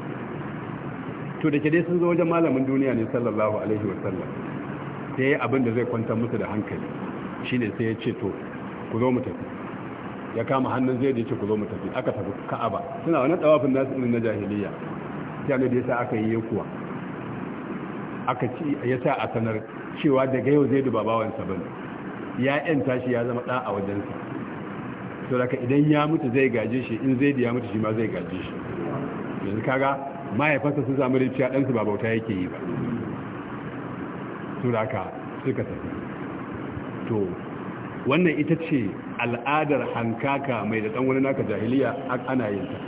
to da ke dai sun zo wajen malamin duniya ne sallallahu alaihi wasallam sai abin da zai kwantar musu da hankali shine sai ya ce to ku zo mu tafi ya kama hannun zai da ya ce ku zo mu tafi aka tafi ka'aba suna wani tawafin nasu na jahiliya yana da yasa aka yi yankuwa aka ci yasa a sanar cewa daga yau zai duba bawansa bane ya yan tashi ya zama da a wajensa to daga idan ya mutu zai gaje shi in zai ya mutu shi ma zai gaje shi yanzu kaga mahaifarsa sun samu rinciya ɗansu ba bauta yake yi ba to suka tafi to wannan ita ce al'adar hankaka mai da ɗan wani naka jahiliya ana yin ta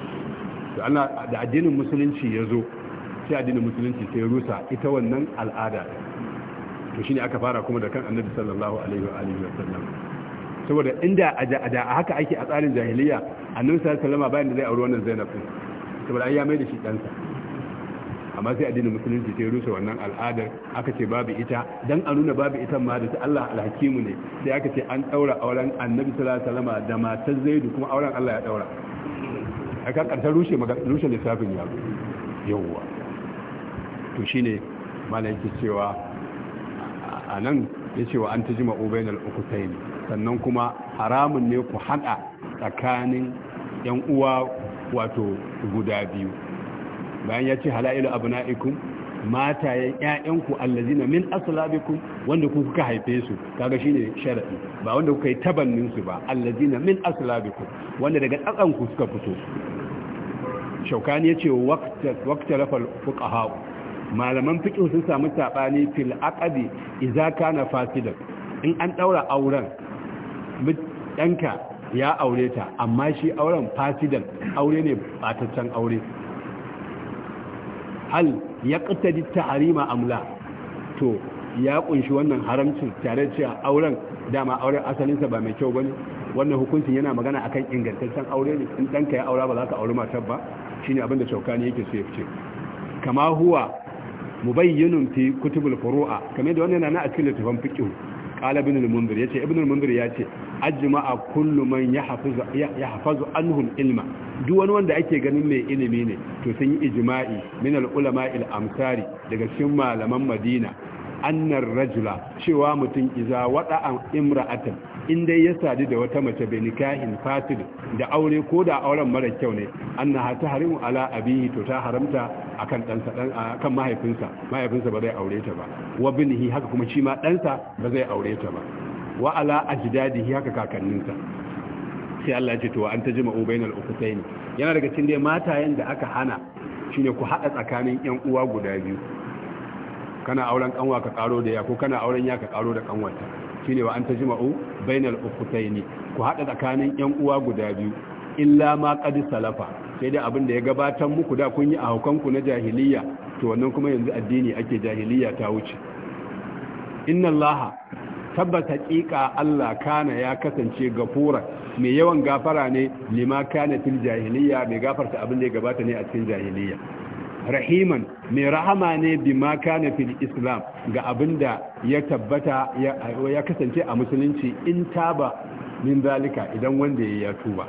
to da addinin musulunci ya zo sai addinin musulunci sai rusa ita wannan al'ada to shine aka fara kuma da kan annabi sallallahu alaihi wa alihi wa sallam saboda inda a haka ake a tsarin jahiliya annabi sallallahu alaihi wa sallama bayan da zai auri wannan Zainab din saboda ai ya mai da shi ɗansa amma sai addinin musulunci sai rusa wannan al'adar aka ce babu ita dan a nuna babu ita ma da ta Allah alhakimu ne sai aka ce an daura auren annabi sallallahu alaihi wasallam da matar zaidu kuma auren Allah ya daura a kan ƙarshen rushe lissafin ya yawwa to shi ne mana yake cewa a nan ya cewa an ta jima obainal uku ta sannan kuma haramun ne ku haɗa tsakanin yan uwa wato guda biyu bayan ya ce hala'ilu abu na'ikun matayen ‘ya'yanku na min asalabikum wanda ku kuka haife su kaga shine sharadi ba wanda kuka yi tabanninsu ba na min asalabikum wanda daga tsakanku suka fito shaukani ya ce fuka hau malaman fiƙi sun samu saɓani fil aqadi idza na fasidan in an ɗaura auren ɗanka ya aure ta amma shi auren fasidan aure ne bataccen aure hal ya ƙattadi harima amla to ya ƙunshi wannan haramcin tare cewa auren dama auren asalinsa ba mai kyau ne? wannan hukuncin yana magana akan ingantaccen aure ne in ɗanka ya aura ba za ka auri matar ba shine abinda shaukani yake so ya fice kama huwa mubayyinun fi kutubul furu'a kamar da wannan na a cikin littafin fiqh qala ibn al-munzir yace ibn al-munzir yace ajma'a kullu man yahfazu yahfazu anhum ilma duk wani wanda ake ganin mai ilimi ne to sun yi ijma'i min al-ulama al-amsari daga cikin malaman madina annar rajula cewa mutum iza wada an imra'atan in dai ya sadu da wata mace bai nikahin fatil da aure ko da auren mara kyau ne annaha ta harimu ala abihi to ta haramta kan ɗansa dan akan mahaifinsa mahaifinsa ba zai aure ta ba wa binihi haka kuma shi ma ɗansa ba zai aure ta ba wa ala ajdadihi haka kakanninsa sai Allah ya ce to an tajma'u bainal ukutayn yana daga cikin dai matayen da aka hana shine ku hada tsakanin yan uwa guda biyu kana auren kanwa ka karo da ya ko kana auren ya ka karo da kanwata shine wa an jima'u bainal ukhtaini ku hada tsakanin yan uwa guda biyu illa ma qad salafa sai dai abin da ya gabatar muku da kun yi a hukanku na jahiliya to wannan kuma yanzu addini ake jahiliya ta wuce inna allaha tabbata haƙiƙa Allah kana ya kasance gafura mai yawan gafara ne lima kana til jahiliya mai gafarta abin da ya gabata ne a cikin jahiliya rahiman mai rahama ne ma kana fil islam ga abinda ya tabbata ya kasance a musulunci in taba min zalika idan wanda ya tuba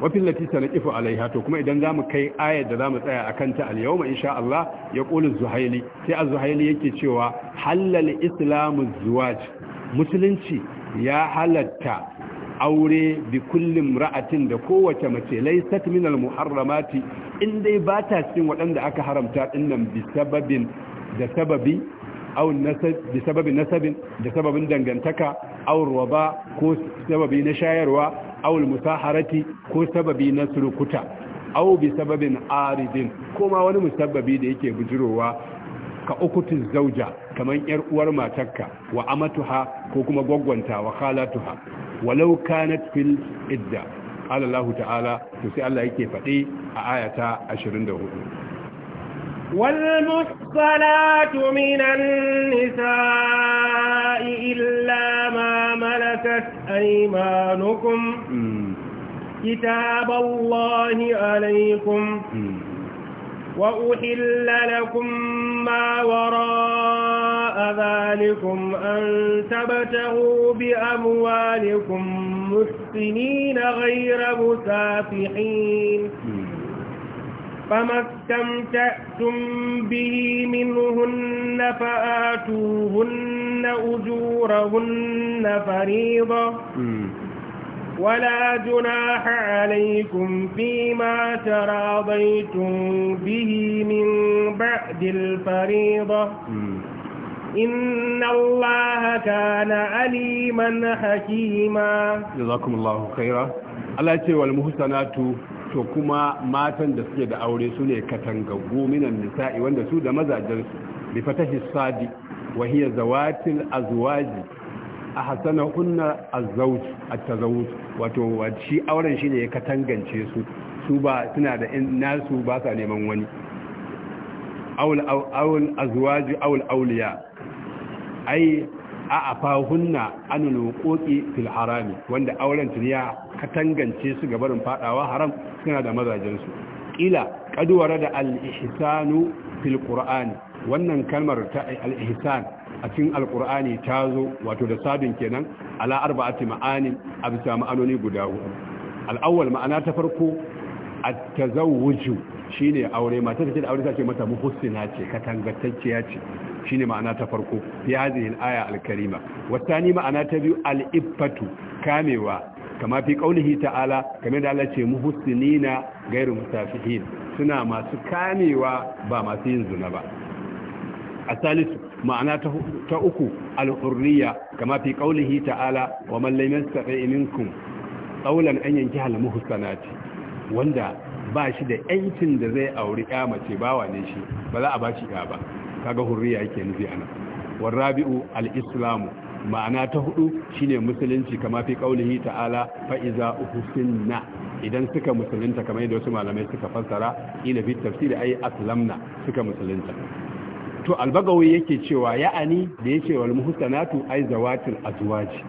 wafin latisa na kifo alaiha to kuma idan zamu kai ayar da zamu mu tsaya a kanta alyawma insha Allah ya ƙulin zuhaili sai a zuhaili yake cewa halal islamu zuwaj musulunci ya halatta aure bi kullum ra'atin da kowace mace laysat min al muharramati in dai ba ta cikin waɗanda aka haramta dinnan bi sababin da sababi bi da sababin dangantaka aw ruba ko sababi na shayarwa aw musaharati ko sababi na surukuta awu bi sababin aridin ma wani musababi da yake bujirowa ka ukutun zauja kamar yar uwar matarka wa amatuha ko kuma gwaggwanta wa khalatuha walau kanat fil idda qala Allah ta'ala to sai Allah yake faɗi a ayata 24 والمحصنات من النساء إلا ما ملكت أيمانكم كتاب الله عليكم وأحل لكم ما وراء ذلكم أن تبتغوا بأموالكم محسنين غير مسافحين فما استمتعتم به منهن فآتوهن أجورهن فريضة ولا جناح عليكم فيما تراضيتم به من بعد الفريضة إن الله كان عليما حكيما جزاكم الله خيرا Allah ce wal muhsanatu to kuma matan da suke da aure su ne katangaggu minan nisa'i wanda su da mazajen su bi fatahi sadi a hasana hunna a tazawut wato shi auren shi ne ya katangance su su ba suna da nasu ba sa neman wani awul azwaj awul awliya ai a afahunna anul wuquqi fil harami wanda auren tun ya katangance su ga barin fadawa haram suna da mazajensu. su kila da warada al ihsanu fil qur'an wannan kalmar ta al ihsan a cikin alkur'ani ta zo wato da sabin kenan ala arba'ati ma'anin a bisa ma'anoni guda hudu al'awwal ma'ana ta farko at-tazawwuju shine aure mata take da aure take mata muhsina ce katangatacciya ce shine ma'ana ta farko fi hadhihi al-aya al-karima wasani ma'ana ta biyu al-iffatu kamewa kama fi qaulihi ta'ala kamar da Allah ce muhsinina ghairu musafihin suna masu kamewa ba masu yin zina ba الثالث معنى تأكو الحرية كما في قوله تعالى ومن لم يستطع منكم قولا أن ينكح المحصنات وندا ba shi da yancin da zai auri ya mace bawa ne shi ba za a bashi shi ya ba kaga hurriya yake nufi ana warabi'u al-islamu ma'ana ta hudu shine musulunci kama fi qaulihi ta'ala fa iza uhsinna idan suka musulunta kamar da wasu malamai suka fassara ila fi tafsir ay aslamna suka musulunta to albagawi yake cewa ya'ani da yake wal muhsanatu ay zawatil azwaji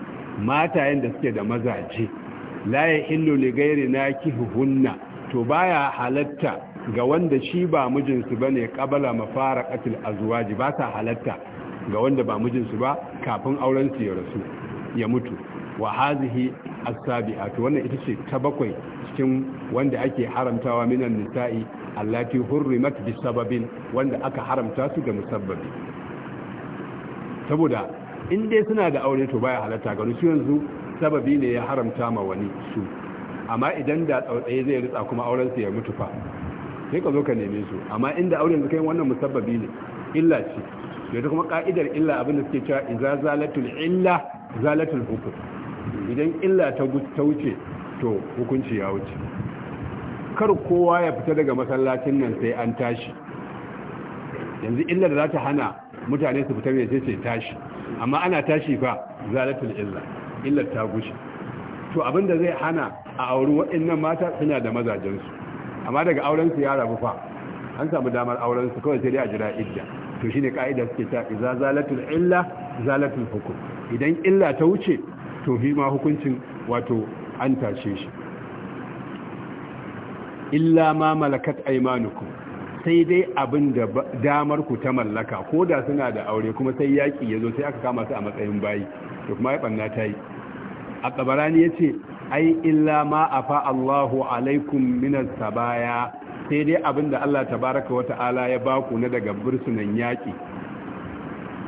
mata da suke da mazaje la yahillu li ghairi nakihunna to baya halatta ga wanda shi ba mijinsu bane qabala mafaraqatil azwaji ba ta halatta ga wanda ba mijinsu ba kafin auren su ya rasu ya mutu wa hazihi asabi'a to wannan ita ce ta bakwai cikin wanda ake haramtawa minan nisa'i allati hurrimat bisababin wanda aka haramta su ga musabbabi saboda in dai suna da aure to baya halatta ga su yanzu sababi ne ya haramta ma wani su amma idan da tsautsaye zai ritsa kuma auren su ya mutu fa sai ka zo ka neme su amma inda auren su kai wannan musabbabi ne illa ce Yanzu kuma ka'idar illa abin da suke cewa idza zalatul illa zalatul hukm idan illa ta wuce to hukunci ya wuce kar kowa ya fita daga masallacin nan sai an tashi yanzu illar za ta hana mutane su fita mai ce tashi amma ana tashi fa zalatul illa illar ta gushe to abinda zai hana a auri waɗannan mata suna da mazajensu amma daga aurensu ya rabu fa an samu damar aurensu kawai sai dai a jira idda to shine ka'ida suke ta iza zalatul illa zalatul hukum idan illa ta wuce to fi ma hukuncin wato an tashe shi illa ma malakat aimanukum sai dai abin da damar ku ta mallaka ko da suna da aure kuma sai yaki ya zo sai aka kama su a matsayin bayi to kuma ya banna ta a kabarani ya ce ai illa ma afa Allahu alaikum minas sabaya sai dai abin da Allah tabaaraka wa ta'ala ya baku na daga bursunan yaki.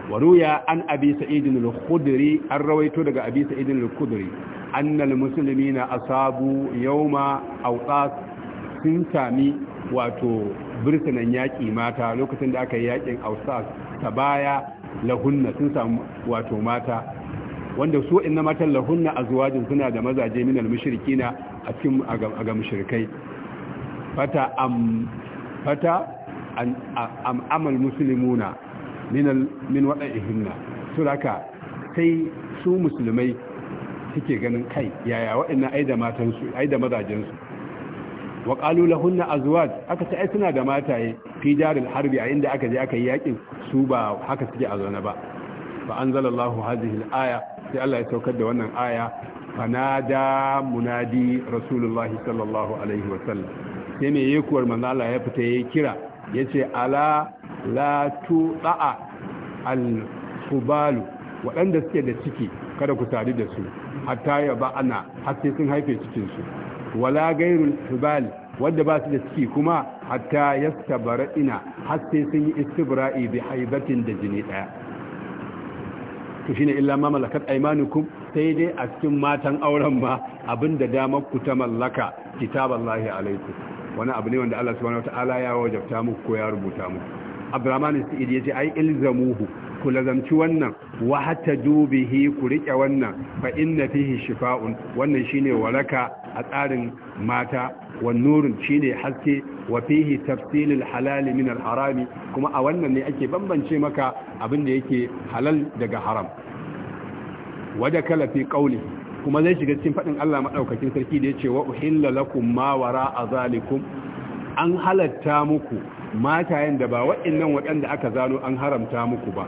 waruya an abi سعيد الخدري an rawaito daga الخدري sa'idin المسلمين khudri يوم muslimina asabu واتو awtas sun sami wato birtinan yaƙi mata lokacin da aka yi yakin awtas ta baya mata wanda su inna matan lahunna azwajin suna da mazaje minal mushrikina a cikin aga mushrikai fata am fata am amal muslimuna min waɗa'ihinna su haka sai su musulmai suke ganin kai yaya waɗannan ai da matansu ai da mazajensu wa qalu lahunna azwaj aka ta ai suna da mataye fi harbi a inda aka je aka yi yakin su ba haka suke a zaune ba fa anzalallahu hadhihi alaya sai Allah ya saukar da wannan aya nada munadi rasulullahi sallallahu alaihi wasallam sai mai yekuwar manzala ya fita ya kira yace ala la tuɗa'a al-kubalu waɗanda suke da ciki kada ku sadu da su hatta ya ba ana hatta sun haife cikinsu wala gairul tubal wadda ba su da ciki kuma hatta ya stabara ina hatta sun yi istibra'i bi haibatin da jini ɗaya to shine illa ma malakat aymanukum sai dai a cikin matan auren ma abinda damar ku ta mallaka kitaballahi alaikum wani abu ne wanda Allah subhanahu wataala ya wajabta muku ko ya rubuta muku abdurrahman sa'id yace ai ilzamuhu ku lazamci wannan wa hatta dubihi ku rike wannan fa inna fihi shifa'un wannan shine waraka a tsarin mata wa nurun shine haske wa fihi tafsilul halal min al harami kuma a wannan ne ake bambance maka abin da yake halal daga haram wada kala fi qawli kuma zai shiga cikin fadin Allah madaukakin sarki da yace wa uhilla lakum ma wara azalikum an halatta muku matayen da ba waɗannan waɗanda aka zano an haramta muku ba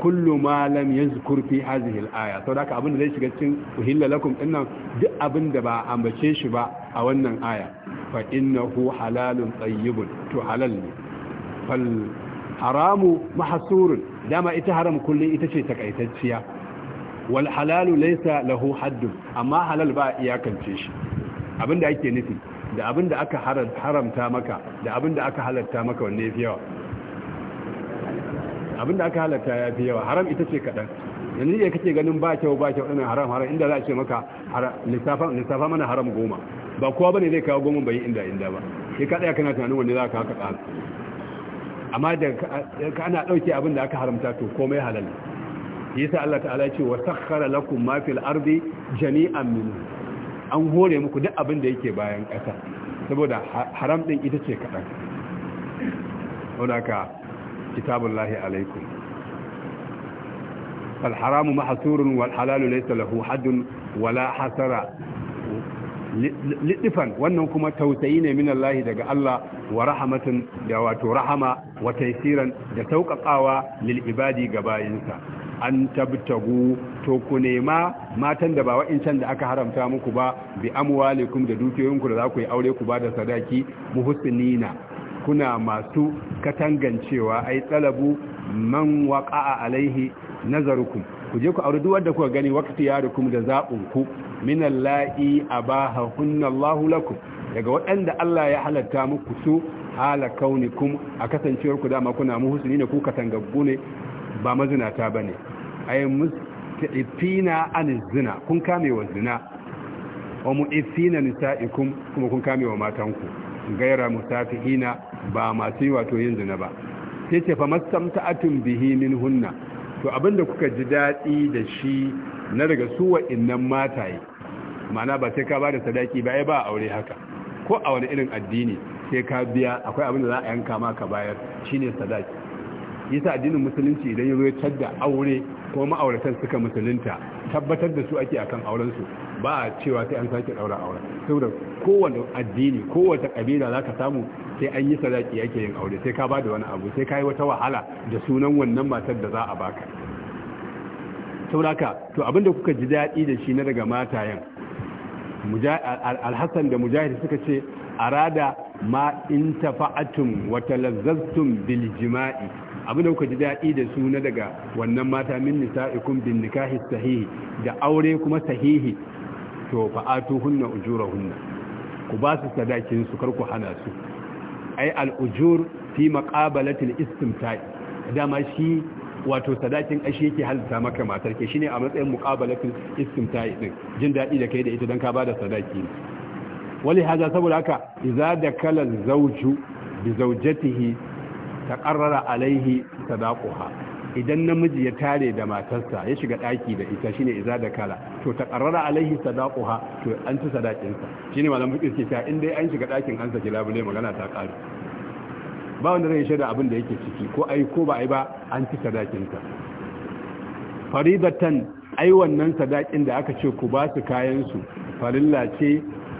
kullu ma lam yazkur fi hadhihi al-aya saboda abin da zai shiga cikin uhilla lakum dinnan duk abin da ba ambace shi ba a wannan aya fa innahu halalun tayyibun to halal ne fal haramu mahsurun dama ita haram kullum ita ce takaitacciya wal halalu laysa lahu hadd amma halal ba iyakance shi Abin da ake nufi da abin da aka haramta maka da abin da aka halatta maka wanne ya fi yawa abin da aka halatta ya fi yawa haram ita ce kaɗan yanzu iya kake ganin ba kyau ba kyau ɗanin haram haram inda za a ce maka lissafa mana haram goma ba kowa ba ne zai kawo goma bayi inda inda ba ke kaɗa ya kana tunanin wanne za ka haka tsara amma da ka ana ɗauke abin da aka haramta to komai halal yasa Allah ta'ala ce wa sakhkhara lakum ma fil ardi jami'an minhu an hore muku duk abin da yake bayan ƙasa saboda haram ɗin ita ce kaɗan wadaka kitabun lahi alaikun alharamu mahasurin walhalalu laisa lahu haddun wala hasara Liɗifan, wannan kuma tausayi ne min Allah daga Allah wa rahmatin da wato rahama wa taysiran da sauƙaƙawa lil ibadi ga bayinsa an tabtagu to ku nema matan da ba wa'incan da aka haramta muku ba bi amwalikum da dukiyoyinku da za ku yi aure ku ba da sadaki muhsinina kuna masu katangancewa ai talabu man waqa'a alaihi nazarukum ku je ku aure duk wanda kuka gani waqti yarukum da zaɓin ku min allahi abaha hunna lakum daga waɗanda Allah ya halatta muku su hala kaunikum a kasancewar ku dama kuna muhsini ne ku katangaggu ne ba mazinata bane ay mustaqifina an zina kun kame wa zina wa mu'ifina nisaikum kuma kun kame wa matanku gaira musafihina ba masu wato yin zina ba sai ce fa mastamta'atun bihi minhunna to abin da kuka ji daɗi da shi na daga su wa'innan mataye mana ba sai ka ba da sadaki ba ya ba aure haka ko a wani irin addini sai ka biya akwai abin da za a yanka maka bayar shi ne sadaki yasa addinin musulunci idan ya zo ya tadda aure ko ma'auratan suka musulunta tabbatar da su ake akan auren su ba a cewa sai an sake daura auren saboda kowane addini kowace kabila zaka samu sai an yi sadaki yake yin aure sai ka ba da wani abu sai ka yi wata wahala da sunan wannan matar da za a baka sauraka to abinda kuka ji daɗi da shi na daga matayen alhassan da mujahid suka ce arada ma in wata lazzaztum biljima'i. jima'i abinda kuka ji daɗi da su na daga wannan mata min nisa'ikum bin nikahi sahihi da aure kuma sahihi to ujura ujurahunna ku ba su sadakin su kar ku hana su ay al'ujur ujur fi maqabalati istimtai dama shi wato sadakin ashe yake halitta maka matar ke shine a matsayin muqabalatul istimta'i din jin dadi da kai da ita dan ka bada sadaki wali haza saboda haka idza dakala zawju bi zawjatihi taqarrara alaihi sadaquha idan namiji ya tare da matarsa ya shiga ɗaki da ita shine iza da kala to ta karrara alaihi sadaquha to an ci sadakinsa shine malamu fiqh ke in dai an shiga ɗakin an saki labule magana ta ƙare ba wanda zai shaida abin da yake ciki ko ai ko ba ai ba an ci sadakinsa faridatan ai wannan sadakin da aka ce ku ba su kayan su farilla ce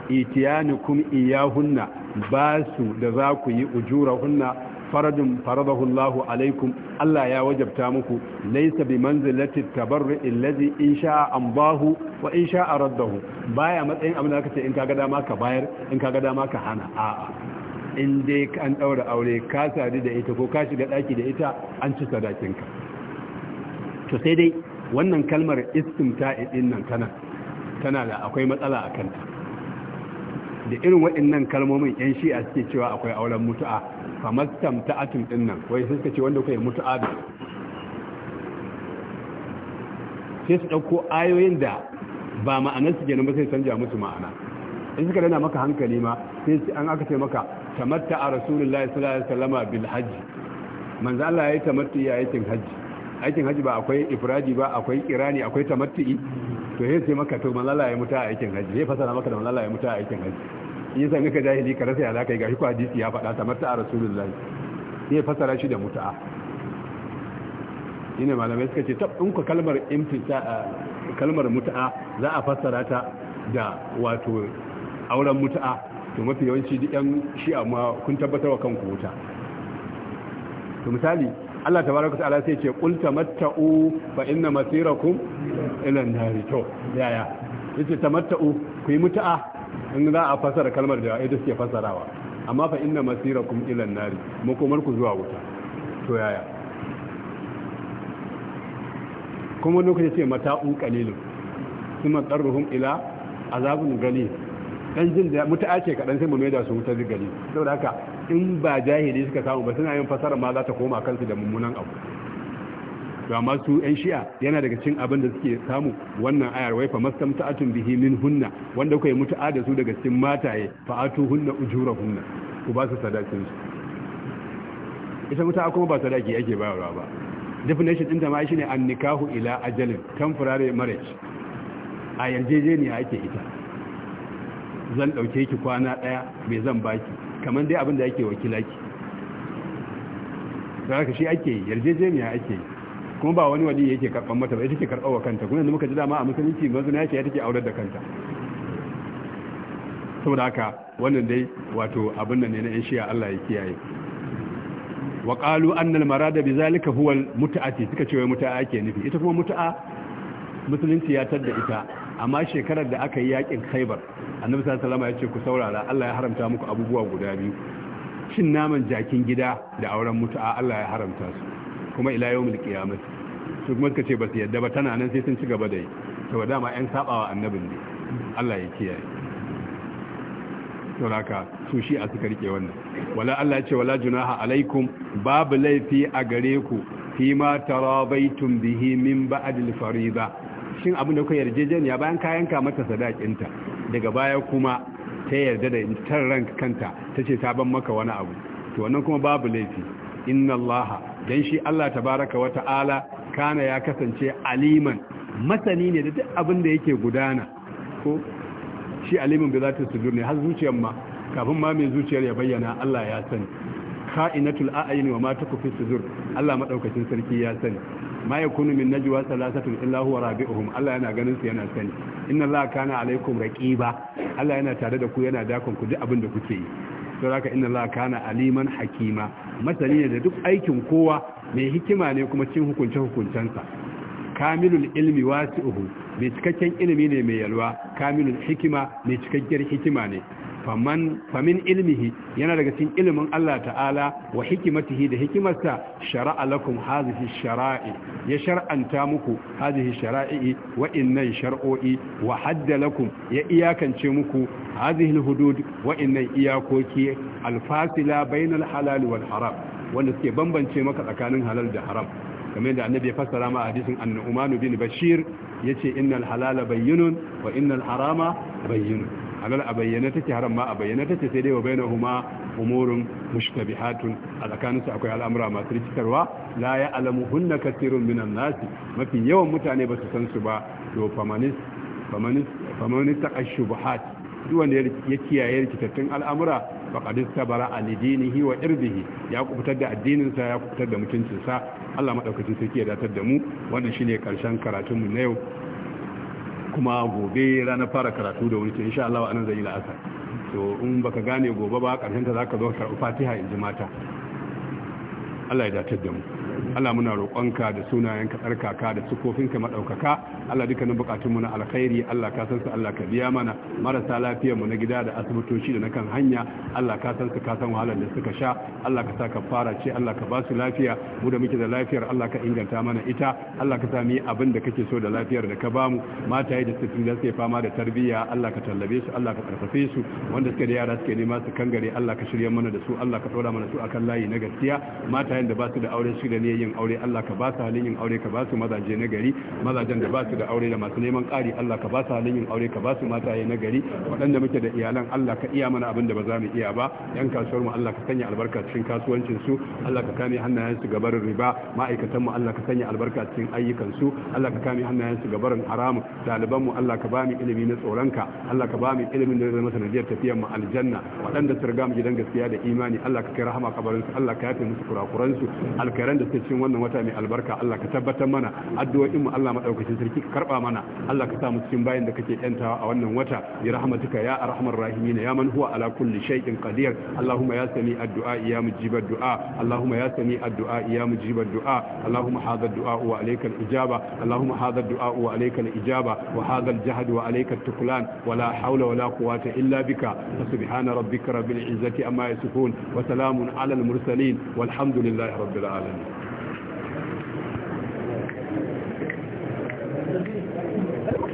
itiyanukum iyahunna ba su da za ku yi ujurahunna farajin faradahu Allah alaikum Allah ya wajabta muku laysa bi manzilati tabarru allazi in sha'a ambahu wa in sha'a raddahu baya matsayin abin da kace in kaga dama ka bayar in kaga dama ka hana a'a in dai an daura aure ka sadi da ita ko ka shiga daki da ita an ci sadakinka to sai dai wannan kalmar istimta'i din nan tana tana da akwai matsala a kanta da irin waɗannan kalmomin yan shi'a suke cewa akwai auren mutu'a kamar tamta'atun din nan wai sai suka ce wanda kuka yi mutu'a da sai su ɗauko ayoyin da ba ma'anar su kenan ba sai canja musu ma'ana in suka dana maka hankali ma sai an aka ce maka tamatta a rasulullahi sallallahu alaihi wasallama bil hajji manzo Allah yayi tamatti ya aikin hajji aikin hajji ba akwai ifradi ba akwai kirani akwai tamatti to sai sai maka to manzo Allah ya a aikin hajji sai fasara maka da manzo Allah ya a aikin hajji yi sami ka jahili ka rasa alaka ga shi ko hadisi ya faɗa ta mata a rasulullahi sai fasara shi da mutu'a shine malamai suka ce tab in ku kalmar imtisa kalmar mutu'a za a fassara ta da wato auren mutu'a to mafi yawanci duk yan shi amma kun tabbatar wa kanku wuta to misali Allah tabaraka ta'ala sai ce qul tamatta'u fa inna masirakum ila an-nar to yaya yace tamattu ku yi mutu'a in za a fasara kalmar da ita suke fasarawa amma fa inna masirakum ila nari makomar ku zuwa wuta to yaya kuma lokaci ce mata'un qalilun kuma qarruhum ila azabun gali dan jin da muta ake kadan sai mu mai da su wuta gali saboda haka in ba jahili suka samu ba suna yin fasara ma za ta koma kansu da mummunan abu to amma su yan shi'a yana daga cin abin da suke samu wannan ayar wai fa ta'atun bihi min hunna wanda kai yi mutu'a da su daga cikin mataye fa atu hunna hunna ku ba su sadakin su ita mutu'a kuma ba sadaki yake bayarwa ba definition din ta ma shine an nikahu ila ajalin temporary marriage a yarjejeniya ake ita zan dauke ki kwana daya me zan baki kamar dai abin da yake wakilaki da haka shi ake yi yarjejeniya ake yi kuma ba wani wani yake karban mata ba ita karban karɓar wa kanta kuma yanzu muka ji dama a musulunci na yake ya take aurar da kanta saboda haka wannan dai wato abin nan ne na 'yan Allah ya kiyaye wa qalu annal marada bi zalika huwa al mut'ati suka ce wai mut'a ake nufi ita kuma mut'a musulunci ya tadda ita amma shekarar da aka yi yakin khaybar annabi sallallahu alaihi wasallam ya ce ku saurara Allah ya haramta muku abubuwa guda biyu cin naman jakin gida da auren mutu'a Allah ya haramta su kuma ila ya mutu su kuma suka ce ba su yadda ba tana nan sai sun ci gaba da yi to dama yan sabawa annabin ne Allah ya kiyaye sauraka su shi a suka rike wannan wala Allah ce wala junaha alaikum babu laifi a gare ku fi ma tarabaitum bihi min ba'd al ba. shin abin da kuka yarjejeniya bayan kayan ka mata sadakinta daga baya kuma ta yarda da tar ranka kanta tace ta ban maka wani abu to wannan kuma babu laifi inna allaha dan shi Allah tabaraka wata ta'ala kana ya kasance aliman masani ne da duk abin da yake gudana ko shi bai za ta sudur ne har zuciyar ma kafin ma mai zuciyar ya bayyana Allah ya sani kha'inatul a'yun wa ma takfi sudur Allah madaukakin sarki ya sani ma yakunu min najwa thalathatun illa huwa rabi'uhum Allah yana ganin su yana sani inna kana alaikum raqiba Allah yana tare da ku yana dakon ku duk abin da kuke yi to ina inna a kana aliman hakima masani ne da duk aikin kowa mai hikima ne kuma cin hukunce hukuncensa kamilul ilmi uhu mai cikakken ilimi ne mai yalwa kamilul hikima mai cikakkiyar hikima ne famin ilmihi yana daga cikin ilimin Allah ta'ala wa hikimatihi da hikimarsa shara'a lakum hazihi shara'i ya shar'anta muku hazihi shara'i wa innan shar'o'i wa hadda lakum ya iyakance muku hazihi hudud wa innan iyakoki alfasila bainal halal wal haram wanda suke bambance maka tsakanin halal da haram kamar da annabi ya fassara ma hadisin annu umanu bin bashir yace innal halala bayyinun wa innal harama bayyinun halal a bayyana take haram ma a bayyana take sai dai wa bainahuma umurun mushtabihatun a tsakanin akwai al'amura masu rikitarwa la alamu hunna kathirun minan nasi mafi yawan mutane ba su san su ba to famanis ta famanis duk wanda ya kiyaye rikitattun al'amura faqad istabara a dinihi wa irdihi ya kubutar da addininsa ya kubutar da mutuncin sa Allah maɗaukacin sarki ya datar da mu wannan shine karshen karatunmu na yau kuma gobe ranar fara karatu da wuri insha Allah anan zai yi la'asar to in baka gane gobe ba karshen ta zaka zo karɓi fatiha in ji mata Allah ya dace da mu Allah muna roƙonka da sunayenka tsarkaka da sukofinka maɗaukaka Allah dukkanin bukatunmu na alkhairi Allah ka san su Allah ka biya mana marasa mu na gida da asibitoci da na kan hanya Allah ka san su ka san wahalar da suka sha Allah ka sa ka fara ce Allah ka ba su lafiya mu da muke da lafiyar Allah ka inganta mana ita Allah ka sa mu yi abin da kake so da lafiyar da ka bamu mataye da suke da suke fama da tarbiyya Allah ka tallabe su Allah ka karfafe su wanda suke da yara suke nema su kangare Allah ka shirya mana da su Allah ka ɗora mana su akan layi na gaskiya matayen da ba su da aure su da ne yin aure Allah ka ba su halin yin aure ka ba su mazaje na gari mazajen da ba su da aure da masu neman ƙari Allah ka ba su halin yin aure ka ba su mataye na gari waɗanda muke da iyalan Allah ka iya mana abin da ba za mu iya ba yan kasuwar mu Allah ka sanya albarka cikin kasuwancin su Allah ka kame hannayen su gabarin riba ma'aikatan mu Allah ka sanya albarka cikin ayyukan su Allah ka kame hannayen su gabarin haramun daliban mu Allah ka ba mu ilimi na tsoronka Allah ka ba mu ilimin da zai masa nadiyar tafiyar mu aljanna waɗanda su riga mu gidan gaskiya da imani Allah ka kai rahama kabarin su Allah ka yafe musu kurakuran su alkairan da suke cikin wannan wata mai albarka Allah ka tabbatar mana addu'o'in mu Allah madaukakin sarki ka karba mana Allah ka samu mu cikin bayin da kake yantawa a wannan wata bi rahmatika ya arhamar rahimin ya man huwa ala kulli shay'in qadir Allahumma ya sami addu'a ya mujib du'a Allahumma ya sami addu'a ya mujib addu'a Allahumma hadha addu'a wa alayka al-ijaba Allahumma hadha du'a wa alayka al-ijaba wa hadha al-jahd wa alayka at-tuklan wa la hawla wa la quwwata illa bika subhana rabbika rabbil izzati amma yasifun wa salamun ala al-mursalin والحمد لله رب العالمين Gracias.